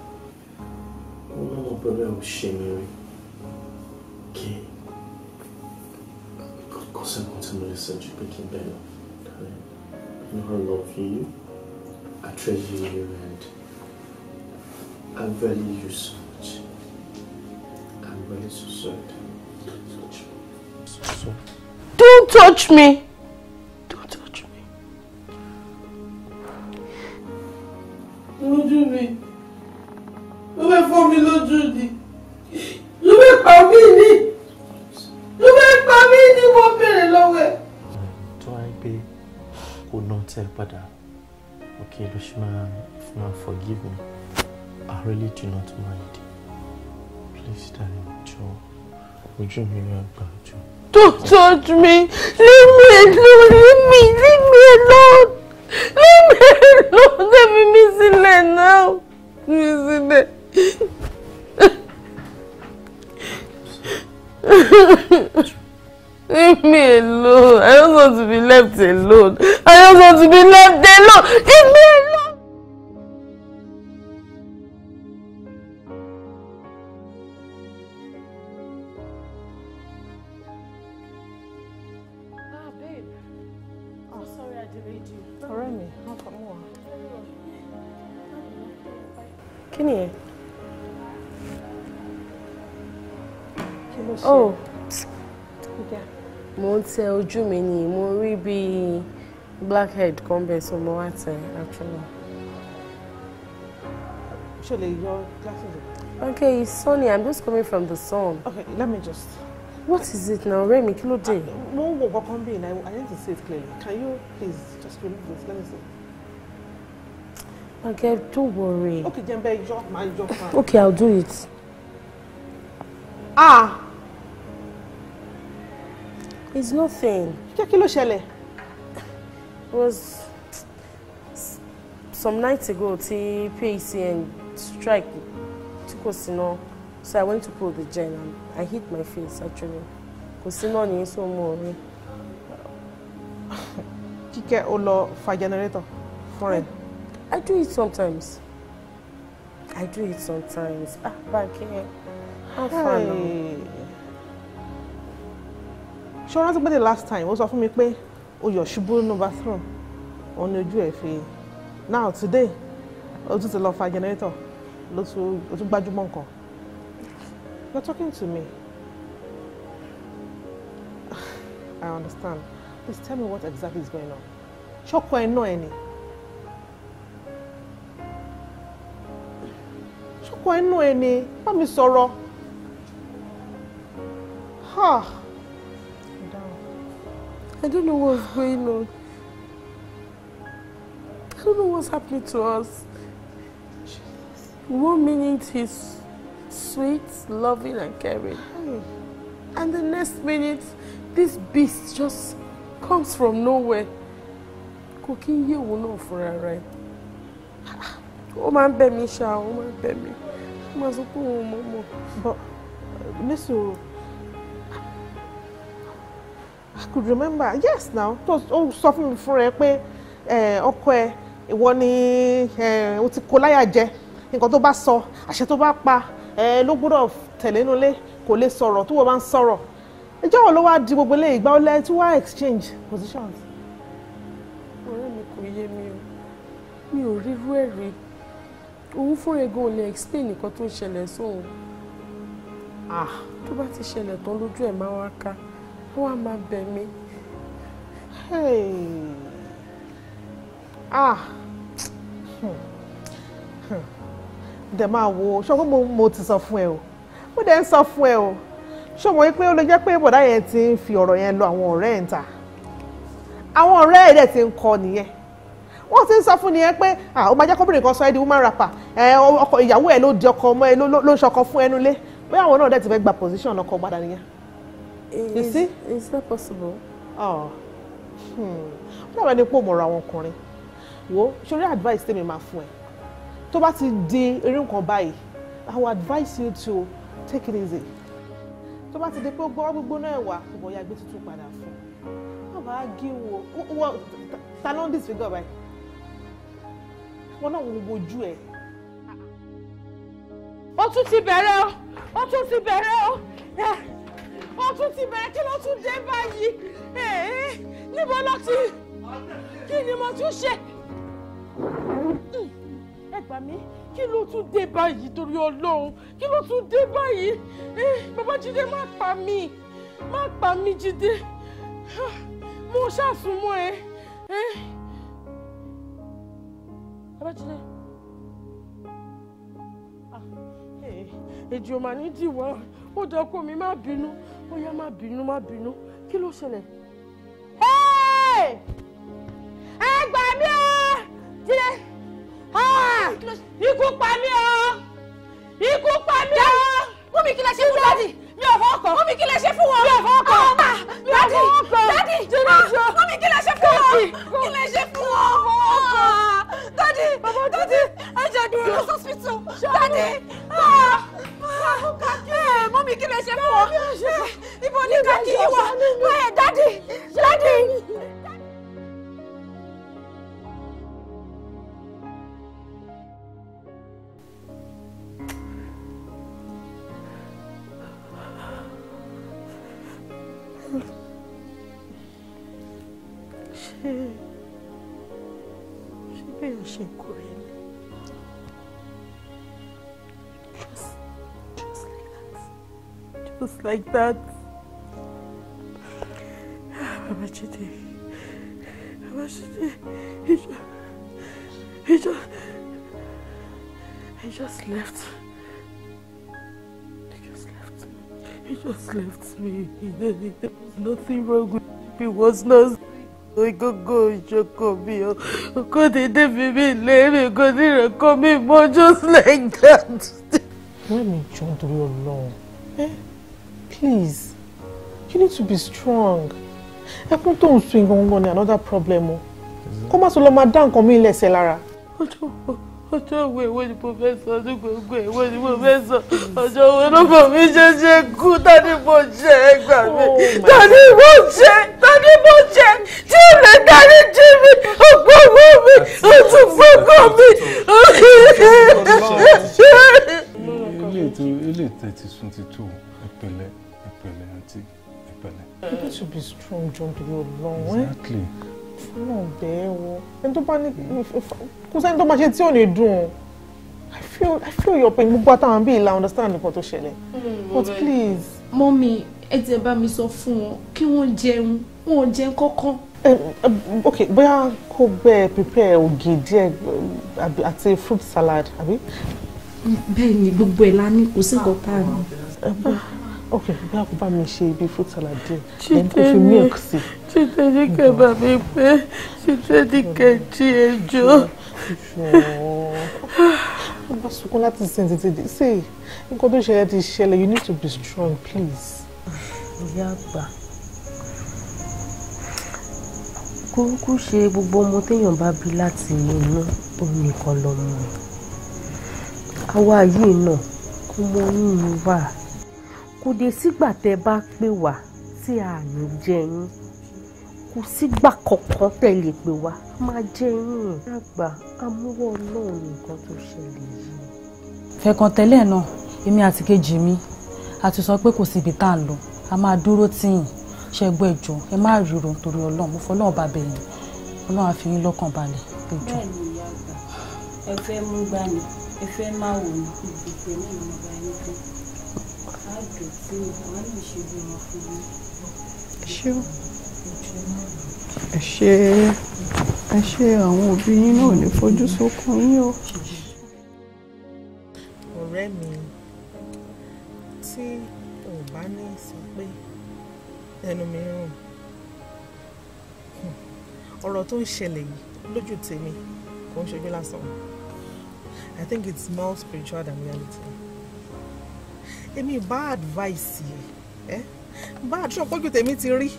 wọn náà mọ̀ pé bẹ́ẹ̀ ò ṣe mi rí kí kọ́sẹ̀kùn tí mo lè sọ pé kí n bẹ́ẹ̀ lọ. I love you. I treasure you and I value you so much. I'm really so sorry. Don't touch me! jọ ojú Don't touch me leave me alone leave me leave me alone leave me alone lẹ́mi mi sílẹ̀ náà mi Leave me alone. I don't want to be left alone. I don't want to be left alone. Leave me tẹ ojú mi ni mo rí bí blackhead kan bẹ so mo wá tẹ actually. ṣe lè yọ glasses. okay it's sunny i'm just coming from the sun. okay let me just. What is it now, Remi? Kí ló dé? Ah, mo ń wo kankan bí na I need to see it clearly. Can you please just remove this? Let me see. Okay, don't worry. Okay, Jembe, jọ máa jọ fún Okay, I'll do it. Ah! it's nothing. ṣé kí ló ṣẹlẹ̀. it was some nights ago ti PACN strike tí kò sí náà so I went to pull the gen and I hit my face actually kò sí náà ní so mo rí. kíkẹ́ o lọ fa generator fún rẹ. I do it sometimes. I do it sometimes. Ah, Banky, how far now? ṣé wọ́n rántí pé the last time ó sọ fún mi pé o yọ̀ ṣubú nínú bathroom òun ni ojú ẹ̀ fi now today o tún ti lọ fa generator ló tún o tún gbájúmọ́ nǹkan you're talking to me (sighs) I understand please tell me what exactly is going on ṣọ́kọ ẹ̀ náà ẹ̀ ni ṣọ́kọ ẹ̀ náà ẹ̀ ni bá mi sọ̀rọ̀ ha. Huh. I don't know what's going on. I don't know what's happening to us. One minute he's sweet, loving, and caring. Hmm. And the next minute, this beast just comes from nowhere. cooking kí ń yé òun náà fúnra rẹ̀. Ó máa ń bẹ̀ mí ṣá, But, nísòro. I could remember yes now tó ó sọ fún mi fúnra ẹ pé ọkọ ẹ ìwọ ni o ti kó láyà jẹ nǹkan tó bá sọ àṣẹ tó bá pa ló gbọ́dọ̀ tẹ̀lé nulẹ̀ kò lè sọ̀rọ̀ tó wọ́n bá ń sọ̀rọ̀ ìjọ́ wo ló wá di gbogbo eléyìí ìgbà ọlẹ́ tí wọ́n á exchange positions. ọ̀rẹ́ mi kò yé mi o mi ò rírú ẹ̀ rí òun fún egun ò lè explain nǹkan tó ń ṣẹlẹ̀ sóun ah. tó bá ti ṣẹlẹ̀ tán lójú ẹ̀ máa wá ká ó wá máa bẹ̀ mí ah. dẹ̀ máa wo ṣọ́gbọ́n mo mo ti sọ fún ẹ o mo dẹ̀ ń sọ fún ẹ o ṣọ́mọ yín pé ó lè jẹ́ pé bọ̀dá yẹn ti ń fi ọ̀rọ̀ yẹn lọ àwọn ọ̀rẹ́ ẹ̀ ń ta àwọn ọ̀rẹ́ ẹ̀ dẹ̀ ti ń kọ nìyẹn wọ́n ti ń sọ fún nìyẹn pé ó máa jẹ́ kọ́bìnrin kan sọ ẹ́ di woman rapper ìyàwó ẹ̀ ló di ọkọ ọmọ ẹ̀ ló ń ṣọkọ fún ẹnu lé bóyá àwọn náà dẹ̀ ti fẹ́ gba position ọkọ padà nìyẹn you it's, see it's not possible. oh hmm wọ́n dàbẹ̀ ni pé more ra àwọn ọkùnrin wo sori advise them in my phone. tó bá ti di eré nǹkan i will advise you to take it easy tó bá ti di pé gbọ́ gbígbóná ẹ̀wà ìbọn ya gbé tuntun padà fún wọn bá gé wo wọ ta ló ń disfigure báyìí wọn náà wọ́n wojú ẹ̀. ó tún ti bẹ̀rẹ̀ ó ó tún ti bẹ̀rẹ̀ ó ó tún ti bẹ̀rẹ̀ kí ló tún dé báyìí níbo ló ti kí ni mo tún ṣe ẹ gbà mí kí ló tún dé báyìí torí ọlọ́run kí ló tún dé báyìí bàbá jíde má pa mí má pa mí jíde mo ṣàsùnmọ́ ẹ bàbá jíde. èjò mà ní dìwọ́ ó dọkọ mi má bínú ó yá má bínú má bínú kí ló ṣẹlẹ̀. ẹ gbà mí o jíde ikú pa mí o ikú pa mí o. mú mi kí lè ṣe fún dádì mi ò fọwọ́ kàn. mú mi kí lè ṣe fún wọn. mi ò fọwọ́ kàn. ọmọ mi ò fọwọ́ kàn. dádì dádì mú mi kí lè ṣe fún wọn. kí lè ṣe fún wọn. Daddy, Daddy, Daddy, dadi dadi ẹ jẹ́ dúró lọ sọ́sìpítù dadi mọ́mí kí lè ṣe fún ọ ibo ni kàkí yìí wà Daddy, Daddy. like that. Baba Chidi. Baba Chidi. He just, he just, he just left. He just left me. He just left me. There was nothing wrong with him. He was not. I ìjọkọ̀ mi ọ̀ kò he débi mi lé mi kò ní rẹ̀ kọ́ mi mọ́ just like that. Let Lẹ́mi jọ́ nítorí alone. please you need to be strong If tó don't swing on ni another problem o kó má tún lọ máa dá nǹkan mi lẹ́sẹ̀ lára. ọjọ́ òwe ìwé ni mo fẹ́ sọ ní gbogbo ìwé ni mo fẹ́ sọ ọjọ́ òwe lóko mi ṣe ṣe kú tani mo jẹ ẹgbà mi oh tani mo jẹ tani mo jẹ tí ò lè darí jí mi ọgbọ́gbọ́ mi ọtúngbọ́gbọ́ àǹtí ẹ pẹ̀lẹ́. people should be strong jọ to Ọlọ́run ẹ eh? Exactly. náà bẹ́ẹ̀ wọ ẹni tó bá ní kò sẹ́ni tó bá ṣe tí ò ní dùn I feel I feel your pain gbogbo àtàwọn bíi ìlà understand nǹkan tó ṣẹlẹ̀ mm, but please. mọ́mí ẹ ti bá mi sọ fún wọn kí wọ́n jẹun wọn ò jẹun kọ́kọ́. ok bóyá kó gbẹ prepare ògì díẹ̀ àti fruit salad àbí. bẹ́ẹ̀ ni gbogbo ẹ̀ la kò sí nǹkan tá a ní. Ah ok bí a kò bá mi ṣe ibi fruit salad díẹ̀ then kò fi milk sí. títẹ ní kẹbà mi pé títẹ ní kẹjí ẹjọ. ó bá sunkún láti sin títí di sí nǹkan tó ṣẹlẹ̀ ti ṣẹlẹ̀ you need to be strong please. ìyá àgbà kúrúkú ṣe gbogbo ọmọ téèyàn bá bí láti inú òun nìkan lọmọ ẹ àwa yìí náà kó mọ yín wà kò dé sígbà tẹ́ bá pè wá tí a ní jẹ yín kò sígbà kankan tẹ́ lè pè wá máa jẹ yín àgbà amúwọ́ náà nìkan tó ṣẹlẹ̀ yìí. fẹ̀kàn tẹ́lẹ̀ náà èmi àti kejì mi a ti sọ pé kò síbi tá à lọ a máa dúró tì yín ṣe gbọ́ ẹ̀jọ̀ ẹ má ríro nítorí ọlọ́run mo fọlọ́run bá bẹ̀yìn ọlọ́run á fi yín lọ́kàn balẹ̀ ẹ̀jọ̀. bẹ́ẹ̀ ni ìyá àgbà ẹ fẹ́ mú gbani ẹ fẹ́ máa wò ní ìdìbò ní ọba ẹni àdòtí àwọn lè ṣe bí wọn fún mi. ẹ ṣeun ẹ ṣe ẹ ṣe àwọn òbí yín náà lè fojú sunkún yín o. ọ̀rẹ́ mi tí ò bá ní sọ pé ẹnu mi rùn ọ̀rọ̀ tó ń ṣẹlẹ̀ yìí lójú tèmi kò ń ṣojú lásán I think it's more spiritual than reality èmi bá advice yẹ ẹ bá àdúrà pójú tèmi ti rí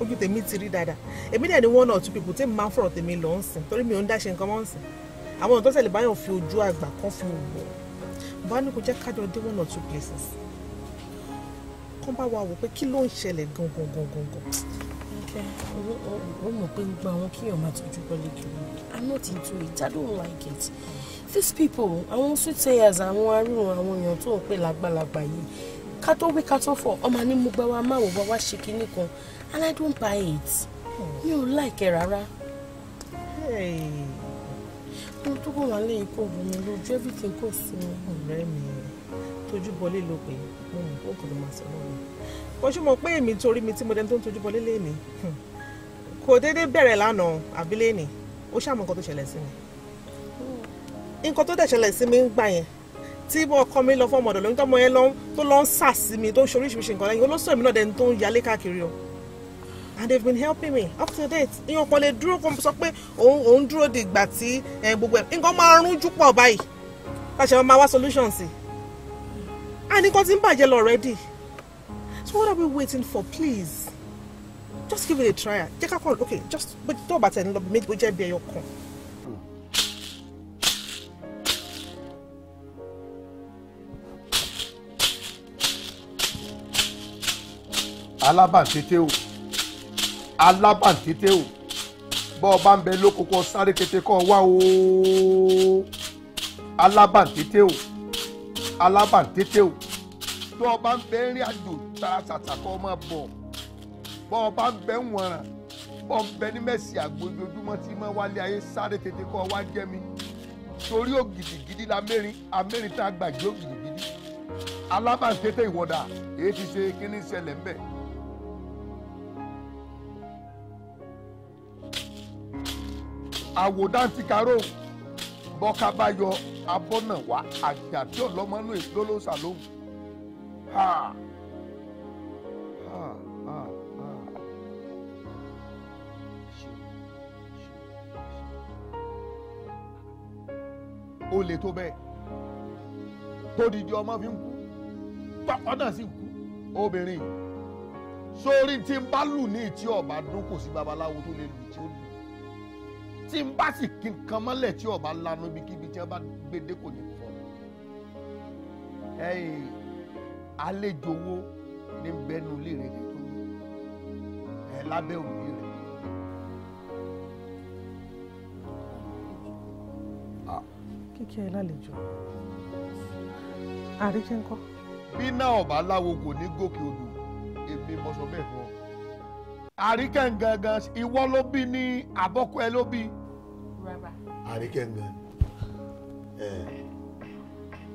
ojú tèmi ti rí dáadáa èmi dẹ̀ ni one or two people tèmi máa ń fọ̀rọ̀ tèmi lọ ń sìn torí mi ò ń dáṣe nǹkan mọ́ ń sìn àwọn ọ̀dọ́ tẹ̀lé báyọ̀ fi ojú àgbà kan fi wò bá ní kò jẹ́ kájọ dé one or two places kán bá wa wò pé kí ló ń ṣẹlẹ̀ gangan gangan gangan. ó mọ̀ pé gbogbo àwọn kíyàn máa tọ́jú pẹ́lú kiri i'm not into it i don't like it these people àwọn soothsayers àwọn arírun àwọn èèyàn tó ń pè lágbàlagbà yìí ká tó wí ká tó fọ ọmọ ní mo gbá wa má wò wá wá ṣe kinní kan and i don't buy it mi ò láìkẹ́ rárá. mo tó kọ̀ wá léyìn kó wù mí lójú everything kò sí mi. ọ̀rẹ́ mi tójú bọlé ló pé mo mọ̀ kó kòló máa sọ̀rọ̀ mi. kò ṣe mọ̀ pé èmi torí mi tí mo dẹni tó ń tójú bọlé lé mi kò déédéé bẹ̀rẹ̀ lánàá àbílẹ̀ ni ó ṣàmọ̀ tó ṣẹlẹ̀ sí mi nǹkan tó dẹ̀ sí mi ń gbà yẹn tí ọkọ mi lọ fún ọmọdọ̀ lóyún tọmọ yẹn tó lọ ń sà sí mi tó ń ṣoríṣiríṣi nǹkan lẹ́yìn olóṣèlú mi náà dẹni tó ń yalé káàkiri o and they have been helping me up to date ìyẹn ọ̀pọ̀ lè dúró kan sọ pé òun òun dúró di ìgbà tí gbogbo ẹ̀ nǹkan máa rún jù pọ̀ báyìí láṣẹ wọn máa wá solutions sí and nǹkan ti ń bàjẹ́ lọ already so what are we waiting for please just give it a try jẹ́ ká kọ́ ok just tó o bá tẹ̀ ní lọ méjì ó jẹ́ bí ẹyọ kan. alábàǹtété o alábàǹtété o bọ́ ọ bá ń bẹ lókoko sáré kété kọ́ ọ wá o alábàǹtété o alábàǹtété o tó o bá ń bẹ rìn àjò tààtàtà kọ́ ọ máa bọ̀ bọ́ ọ bá ń bẹ wọ̀nràn bọ́ ọ ń bẹ ní mẹ́sì àgbójoojúmọ́ tí mo wálé ayé sáré kété kọ́ ọ wá jẹ́ mi torí ògidìgidì la mẹ́rin amẹ́rin tá a gbàgbé ògidìgidì alábàǹtété ìwọ̀dà èyí ti ṣe kíní ṣẹlẹ̀ ń bẹ. àwòdántí karó bọ́ká bá yọ abọ́nàwá àgbà tí ọlọ́mọnú èso ló ṣàlóhùn. Ha. Ha. Ha. ó le tó bẹ́ẹ̀ tó didi ọmọ fi ń kú pápá náà sì kú obìnrin sórí tí ń bá lù ní ìtí ọba dún kò sí babaláwo tó lè lù tí ó lù tí n bá sì kí nǹkan mọ́lẹ̀ tí ọba lanu ibikíbi tí wọ́n bá gbédé kò ní fọ́ ẹ̀yìn àlejò wo ní bẹnu ilé rẹ ní tó ẹ lábẹ́ òbí rẹ. kíkẹ́ ẹ lálejò àríkẹ́ ńkọ́. bí náà ọba aláwo kò ní gòkè odò èmi mọ sọ bẹ́ẹ̀ fún àríkẹ́ gangan ìwọ ló bí ní àbọ́kọ ẹ ló bí. àríkẹ́ gangan ẹ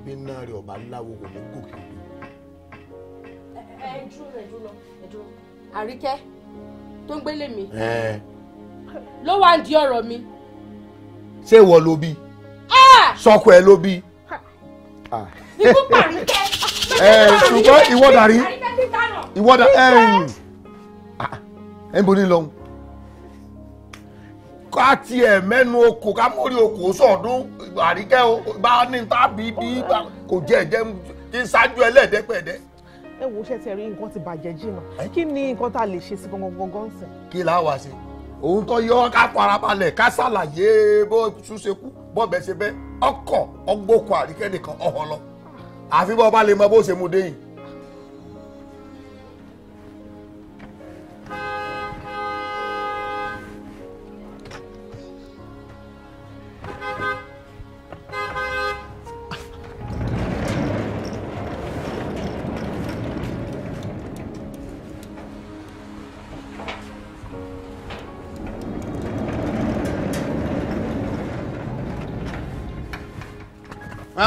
bí náà rẹ ọba láwo kò ní gòkè odò. ẹ ẹ dúró ẹ dúró ẹ dúró àríkẹ́ tó ń gbélé mi ló wá ń di ọ̀rọ̀ mi. ṣé ìwọ ló bí sọkọ ẹ ló bí. ikú pàrí kẹ́. ṣùgbọ́n ìwọ́dà rí ìwọ́dà ẹ̀yìn níbo ní lọ́hùn ká tiẹ̀ mẹ́nu okò ká mórí okò sọ̀dún àríkẹ́ bá ní tábí bí kò jẹ́ ẹ̀jẹ̀ kí n ṣáájú ẹlẹ́ẹ̀dẹ́pẹ̀ẹ́dẹ́. ẹ wo ṣe ti rí nǹkan ti bàjẹ́ jìnnà kí ni nǹkan tá a lè ṣe sí gangan gangan sìn. kí la wá ṣe òun tó yọ ká farabalẹ̀ ká ṣàlàyé bó ṣúṣe kú bọ́ọ̀bẹ ṣe bẹ́ẹ̀ ọkọ̀ ọgbọ́kọ̀ àríkẹ́ nìkan ọ̀họ́ lọ àfi bọ́ọ̀ bá lè mọ bó ṣe mú dé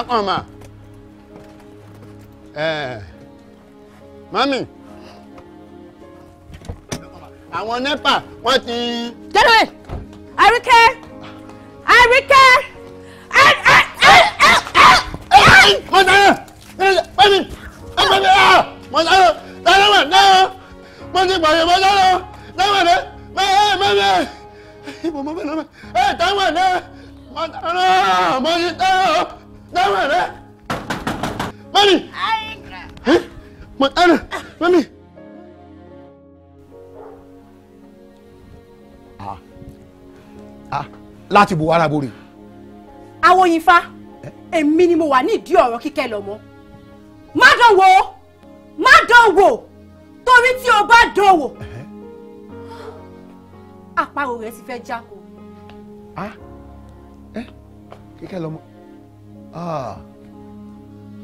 kàn mà mami àwọn nepa wọ́n ti. jẹ́nu ẹ̀ àríkẹ́. láti bò wàrà borè. awoyinfa èmi ni mo wà nídìí ọ̀rọ̀ kíkẹ́ lọ́mọ má dán wò má dán wò torí tí o bá dán wò àparò rẹ ti fẹ́ jáko. kíkẹ́ lọ́mọ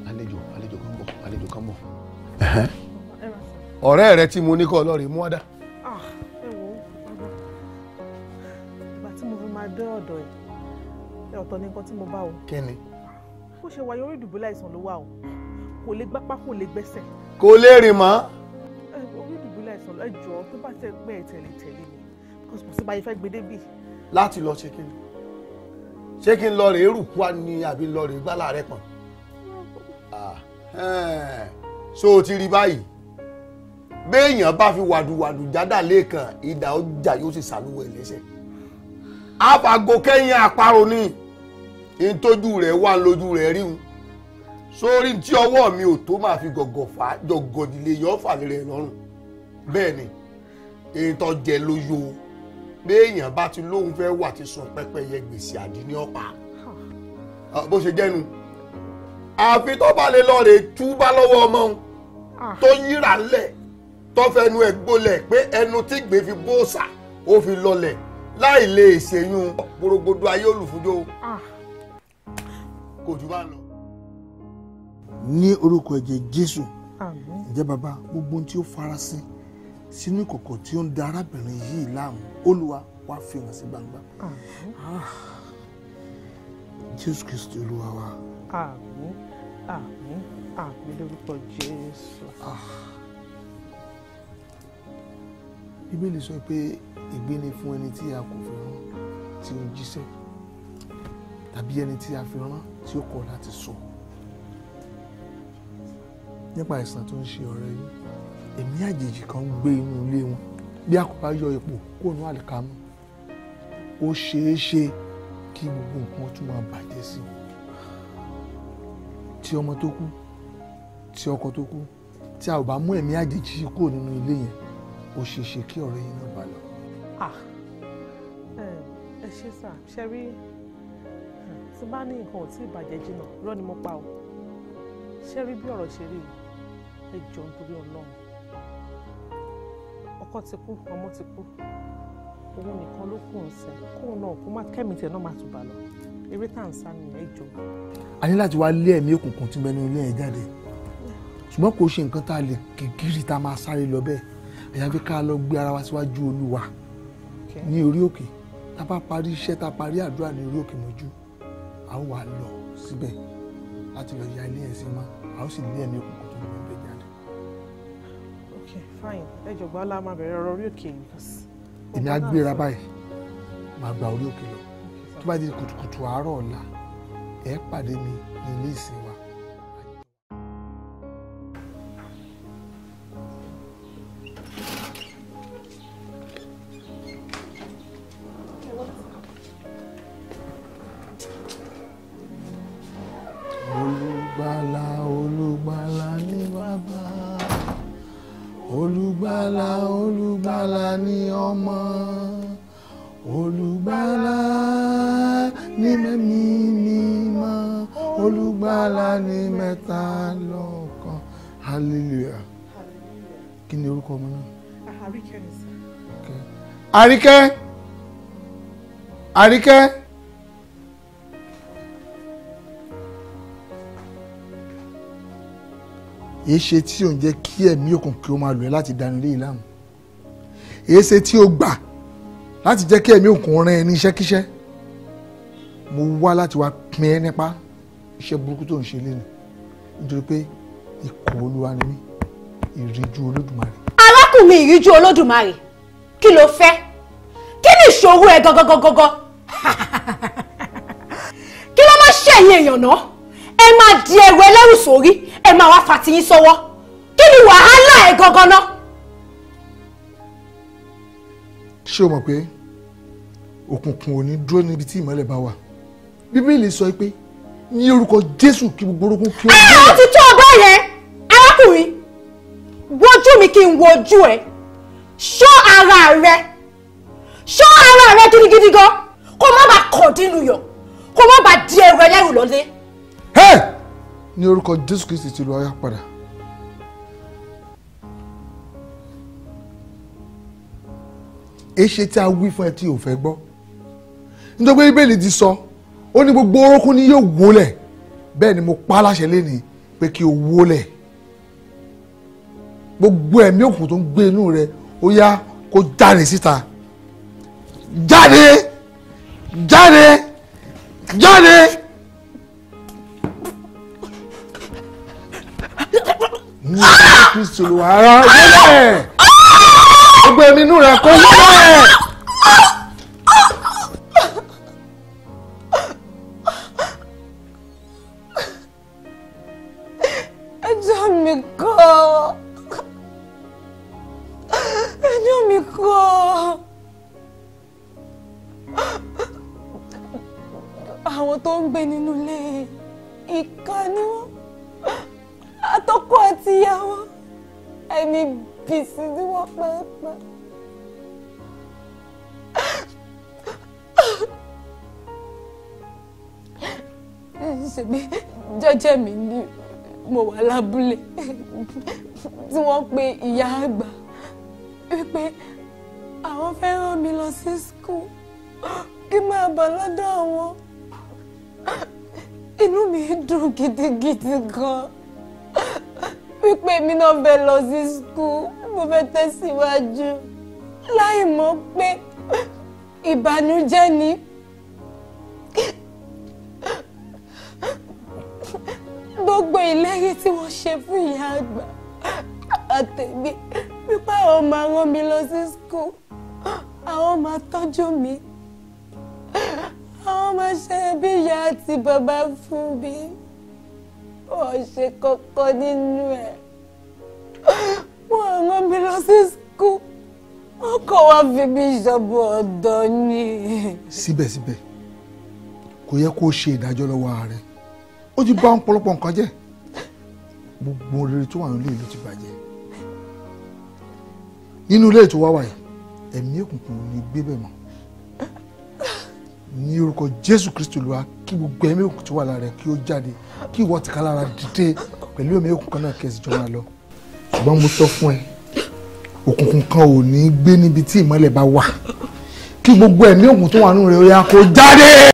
àlejò àlejò kan bọ̀ àlejò kan bọ̀ ọ̀rẹ́ rẹ tí mo ní kọ́ ọ lọ́ọ́ rí mú wá dá. máa dán ọ̀dọ̀ ẹ̀ ọ̀tọ̀ ni nǹkan tí mo bá o. kí ni. bó ṣe wáyé orí ìdùbúlẹ̀ àìsàn ló wà o kò lè gbápá kò lè gbẹ́sẹ̀. kò lè rìn mọ́. orí ìdùbúlẹ̀ àìsàn lọ jọ tó bá tẹ pé ẹ tẹ̀lé tẹ̀lé ni kò sí báyìí fẹ́ gbedé bì. láti lọ ṣe kí ni ṣé kí n lọ rèé rù wá ni àbí lọ rèé gbá láàrẹ pọ̀n. so o ti rí báyìí béèyàn bá fi wàdùwàdù jádà lẹ́ẹ̀kan ìdá ọjà yóò sì sàlùwẹ̀ lẹ́sẹ̀ àfàgò kẹ́yìn àparò ni ntójú rẹ̀ wà lójú rẹ̀ ríhun sórí tí ọwọ́ mi ò tó máa fi gọ̀gọ̀ fà á jọ̀gọ̀dìlẹ̀ yọ̀ fà rẹ̀ lọ́rùn bẹ́ẹ̀ ni èyí tó jẹ lóyò béèyàn bá ti lóhun fẹ́ wà ti sùn pẹ́pẹ́yẹ gbèsè àdínní ọ̀pá ah. Ah, bó ṣe jẹ́nu àfi tó bá lè lọ rè túbá lọ́wọ́ ọmọ òun ah. tó yíra lẹ̀ tó fẹnu ẹ̀ gbolẹ̀ pé ẹnu tí gbé fi bóòsà ó fi lọlẹ̀ láì lè ṣèyún gbogbogbò ayé olùfúnjó ah. kò jù bá lọ. ní orúkọ ẹ̀jẹ̀ jésù ǹjẹ́ bàbá gbogbo ohun tí ó farasin sínú ìkọ̀kọ̀ tí ó ń da arábìnrin yìí láàmú olúwa wá fi hàn sí gbangba. Ah. jésù kristu olúwa wa. àmín àmín àmín lórúkọ jésù. Ah. bíbélì sọ pé ègbé ni fún ẹni tí a kò fi rán tí ó jíṣẹ́ tàbí ẹni tí a fi rán tí ó kọ̀ láti sọ nípa àìsàn tó ń ṣe ọ̀rẹ́ yìí ẹ̀mí àjèjì kan gbé inú ilé wọn bí a kò bá yọ ipò kó nú ó ṣeé kí gbogbo nǹkan tún máa bàjẹ́ sí i tí ọmọ tó kú tí ọkọ tó kú tí a ò bá mú ẹ̀mí àjèjì kúrò nínú ilé yẹn ó ṣeé ṣe kí ọ̀rẹ́ yín náà bá lọ. Ah, ẹ ṣe sá ṣe rí tí bá ní nǹkan ò tí ì bàjẹ́ jìnnà rọ́ ni mo pa o ṣe rí bí ọ̀rọ̀ ṣe rí ẹ jọ nítorí ọlọ́run ọkọ ti kú ọmọ ti kú òun nìkan ló kù ń sìn kóun náà kó má kẹ́mi tẹ̀ náà má tún bà lọ eré tá à ń sá nìyẹn jọ. a ní láti wá lé ẹ̀mí òkùnkùn tí mẹ́nu ilé ẹ̀ jáde ṣùgbọ́n kò ṣe nǹkan tá a lè kí gírí tá a máa sáré lọ bẹ́ẹ̀ ẹ̀yà fi ká lọ gbé ara wa síwájú olúwa ní orí òkè tá a bá parí iṣẹ́ tá a parí àdúrà ní orí òkè mọ́jú a ó wà lọ síbẹ̀ láti lọ ya ilé yẹn mọ́ a ó sì lé ẹ̀mí òkùnkùn tó ń bọ̀ jáde. ok fine ẹ jọ̀gbọ́n ọlá máa bẹ̀rẹ̀ ọ̀rọ̀ orí òkè yìí. èmi á gbéra báyìí máa gba orí òkè lọ tó bá di kùtùkùtù àárọ̀ ọ̀la ẹ pàdé mi ní ilé ìsìn àríkẹ́ àríkẹ́ èyí ṣe tí ò ń jẹ́ kí ẹ̀mí òkùn kí ó máa lò ẹ́ láti dání lé ìlànà èyí ṣe tí ó gbà láti jẹ́ kí ẹ̀mí òkùn rán ẹ ní iṣẹ́kíṣẹ́ mo wá láti wá pín ẹ nípa iṣẹ́ burúkú tó ń ṣe lé ni nítorí pé ikọ̀ olúwa ni mí ìríjú olódùmarè. arákùnrin ìríjú olódùmarè kí ló fẹ́ kí ni ìṣòro ẹ gangan (laughs) kí ló máa ṣẹ̀yìn èèyàn náà ẹ máa di ẹrù ẹlẹ́rù sórí ẹ máa wá fatiyín sọ́wọ́ kí ni wàhálà ẹ gangan náà. ṣé o mọ̀ pé òkùnkùn ò ní dúró níbi tí ìmọ́lẹ̀ bá wà bíbélì sọ pé ní orúkọ jésù kí gbogbo orókún kí ó. àwọn ti tó ọgbà yẹn arákùnrin wojú mi kí n wojú ẹ ṣọ́ ara rẹ ṣọ́ ara rẹ gidigidi gan kó má bàa kọ̀dínú yọ kó má bàa di ẹrù ẹlẹ́rù lọ́lé. ní orúkọ Jésù Kristi ti lu aya padà. èṣe tí a wí fún ẹ tí o fẹ́ gbọ́ nítorí pé Bíbélì ti sọ ó ní gbogbo orókún ni yóò wólẹ̀ bẹ́ẹ̀ ni mo pa á láṣẹ lẹ́nìí pé kí o wólẹ̀ gbogbo ẹ̀mí òkùnkùn tó ń gbé inú rẹ ó yá kó jáde síta jáde jáde jáde. ní ìlú kristu ló wà á rà ó rẹ̀ kó lọ́wọ́ èmi bìsí tí wọ́n pàápàá. ṣèbí jẹ́jẹ́ mi ni mo wà lábúlé tí wọ́n pe ìyá àgbà wípé àwọn fẹ́ rán mi lọ sí skul kí máa bọ̀ lọ́dọ̀ wọn inú mi dùn gidigidi gan wípé mi náà fẹ́ lọ sí skul mo fẹ́ tẹ̀síwájú láì mọ̀ pé ìbànújẹ́ ni. gbogbo ìlérí tí wọ́n ṣe fún ìyá àgbà àtẹ̀gbé wípé àwọn máa rán mi lọ sí skul àwọn máa tọ́jú mi àwọn máa ṣe bí ìyá àti bàbá fún mi ọ̀ṣẹ́ kọ́kọ́ nínú ẹ̀ wọ́n rán mi lọ sí skul wọ́n kọ́ wá fi mí ṣọ́bù ọ̀dọ́ ni. síbẹ̀síbẹ̀ kò yẹ kó ṣe ìdájọ́ lọ́wọ́ ààrẹ ó ti bá ọ̀pọ̀lọpọ̀ nǹkan jẹ́ gbogbo rere tó wà nílé ìlú ti bàjẹ́ nínú ilé ètò wáwà yìí ẹ̀mí òkùnkùn ò ní gbé bẹ̀ mọ́ ní orúkọ Jésù Kristu kí gbogbo ẹ̀mí òkùnkùn tó wà lára rẹ̀ kí ó jáde kí ìwọ tìkálára dìde pẹ̀lú omi òkùnkùn náà kẹsì jọ máa lọ ṣùgbọ́n mo sọ fún ẹ òkùnkùn kan ò ní gbé níbi tí ìmọ́lẹ̀ bá wà kí gbogbo ẹ̀mí òkùn tó wà nù rẹ̀ ó yá kó jáde.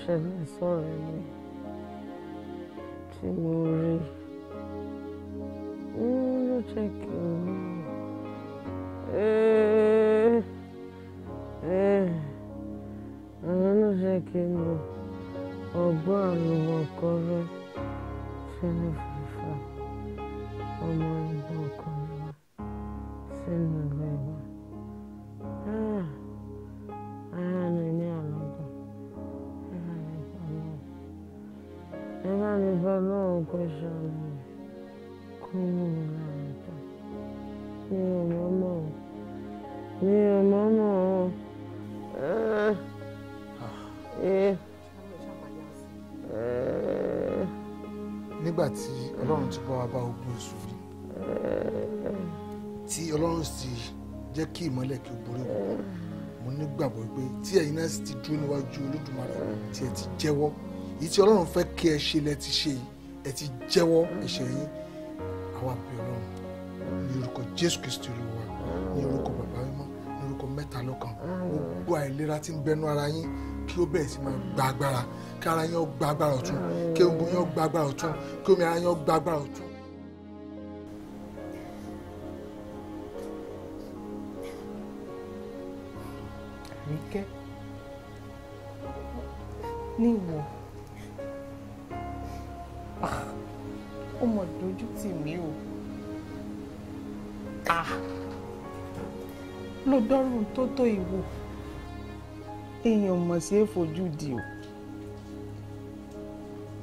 ṣẹlẹ̀ sọ̀rọ̀ mi tí mo rí ló jẹ́ kí n mọ̀ àwọn ló jẹ́ kí n mọ̀ ọgbọ́n àlùmọ̀kọ́rọ́ tí mo fi fà ọmọ ìgbà. tí ọlọ́run ti bá wa bá ogun èṣù rí tí ọlọ́run sì jẹ́ kí ìmọ́lẹ̀ kí o borí wọn mo nígbàgbọ́ pé tí ẹ̀yin náà sì ti dúró níwájú olódùmarè tí ẹ ti jẹ́wọ́ èyí tí ọlọ́run fẹ́ kí ẹ ṣe lẹ ti ṣe ẹ ti jẹ́wọ́ ẹ̀ṣẹ̀ yín àwa bí ọlọ́run ní orúkọ jésù kristu olúwa ní orúkọ bàbá mímọ́ ní orúkọ mẹ́ta lọ́kan gbogbo àìlera tí ń bẹnu ara yín kí ó bẹ̀rẹ̀ sí máa gba agbára kí ara yẹn ó gba agbára ọ̀tún kí egungun yẹn ó gba agbára ọ̀tún kí omi ara yẹn ó gba agbára ọ̀tún. ní ìwọ̀n ṣeé fojú di o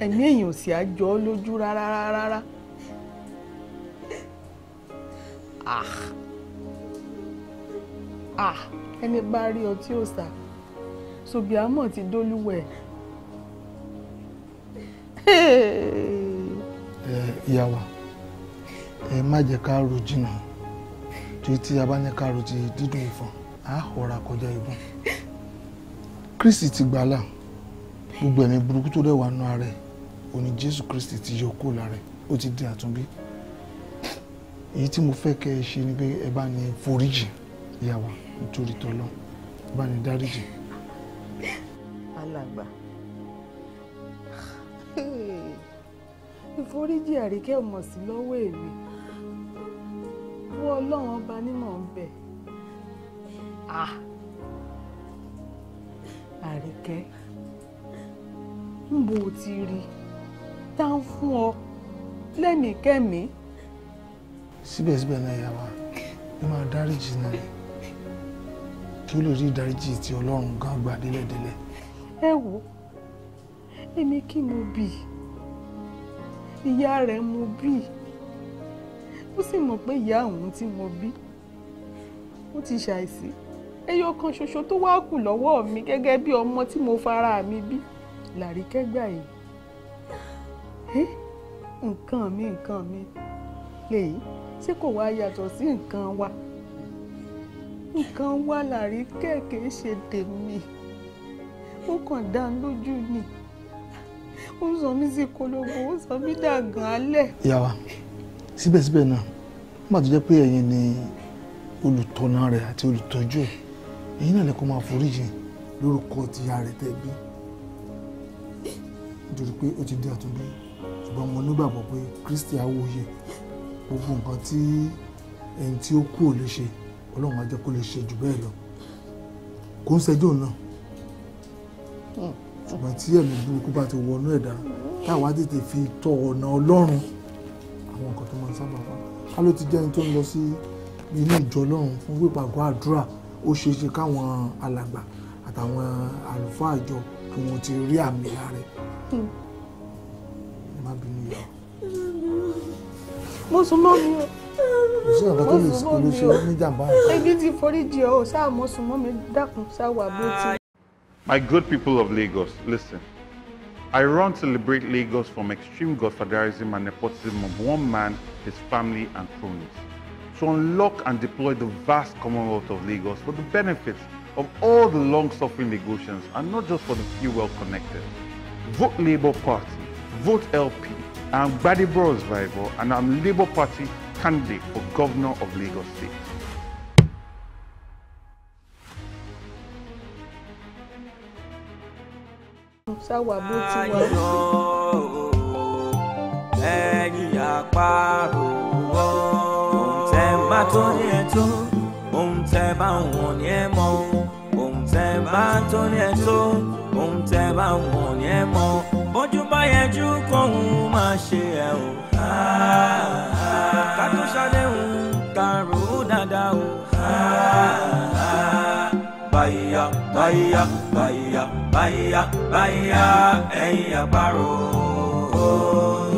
ẹ̀mí èèyàn ò sì á jọ ọ́ lójú rárá rárá ah ah ẹni bá rí ọ tí ò sá sobiamọ ti dólúwẹ̀. ẹ ìyá wa ẹ má jẹ́ ká ro jìnnà tí tí a bá ní ká ro ti dídùn ìfọ̀n á họra kọjá ìbọn. Kristi ti gbàlà gbogbo ẹ̀mí burúkú tó dẹ̀ nù ara òní Jésù Kristi ti yọ kúrò lára ẹ̀ ó ti di àtúnbí èyí tí mo fẹ́ kẹ́ ẹ ṣe ni pé ẹ bá ní foríjì ìyá nítorí tọ́lọ́ ẹ bá ní dáríjì. alàgbà ìforíjì àríkẹ́ mọ̀ sí lọ́wọ́ èmi wọ́n ọlọ́run ọba ní mò ń bẹ̀. Ah! àkẹ́ níbo ti rí tá ń fún ọ lẹ́mìíkẹ́mìí. síbẹ̀síbẹ̀ náà ìyá wa ẹ máa dáríjì náà kí ó lè rí ìdáríjì tí ọlọ́run gan gbà délẹ̀délẹ̀. ẹ wo èmi kí mo bì ìyá rẹ̀ mo bì ó sì mọ̀ pé ìyá òun tí mo bí ó ti ṣàìsí ẹyọ kan ṣoṣo tó wá kù lọ́wọ́ mi gẹ́gẹ́ bí ọmọ tí mo fara mi bí làríkẹ́ gbà yìí nǹkan mi nǹkan mi lèyí ṣé kò wá yàtọ̀ sí nǹkan wa nǹkan wa làríkẹ́ kìí ṣe tèmi ó kàn dá lójú ni ó sọ mí sí kolobo ó sọ mí dàgàn alẹ́. ìyá wa síbẹ̀síbẹ̀ náà nígbà tó jẹ́ pé ẹ̀yin ni olùtọ́nà rẹ̀ àti olùtọ́jú ẹ̀ ẹ̀yin náà lè kó máa foríjì lórúkọ tìyá rẹ̀ tẹ́ bí nítorí pé ó ti di àtúnbí ṣùgbọ́n mo nígbàgbọ́ pé Kristi awòye gbogbo nǹkan tí ẹni tí ó kú ò lè ṣe Ọlọ́run á jẹ́ kó lè ṣe jù bẹ́ẹ̀ lọ kò ń ṣẹjọ́ náà ṣùgbọ́n tí ẹ̀mí burúkú bá ti wọnú ẹ̀dá táwa tètè fi tọ ọ̀nà Ọlọ́run àwọn nǹkan tó máa ń sábà wà ká ló ti jẹ́ ẹni tó ń lọ sí inú ìjọ Ọlọ́run fún pípàgọ́ àdúrà ó ṣeé ṣe káwọn alàgbà àtàwọn àlùfáà àjọ kí wọ́n ti rí àmì lára ẹ̀ ẹ má bínú yà. mo sùn mọ́ mi o. kò sí ọ̀dọ́ tó lè sọ ló ṣe níjàmbá. ẹbí ti mo sùn mọ́ mi dákun ṣáà bó ti. My good people of Lagos, listen. I run to liberate Lagos from extreme godfatherism and nepotism of one man, his family, and cronies. to unlock and deploy the vast Commonwealth of Lagos for the benefit of all the long-suffering Lagosians and not just for the few well-connected. Vote Labour Party, vote LP. I'm Bros Rival and I'm Labour Party candidate for Governor of Lagos State. sáwà bá tó ní ẹ tó ohun tẹ́ bá wọ̀n ní ẹ mọ̀ ohun tẹ́ bá tó ní ẹ tó ohun tẹ́ bá wọ̀n ní ẹ mọ̀ bójú bá yẹjú kóhun o. ká tó ṣàdéhùn ká rò ó dáadáa o.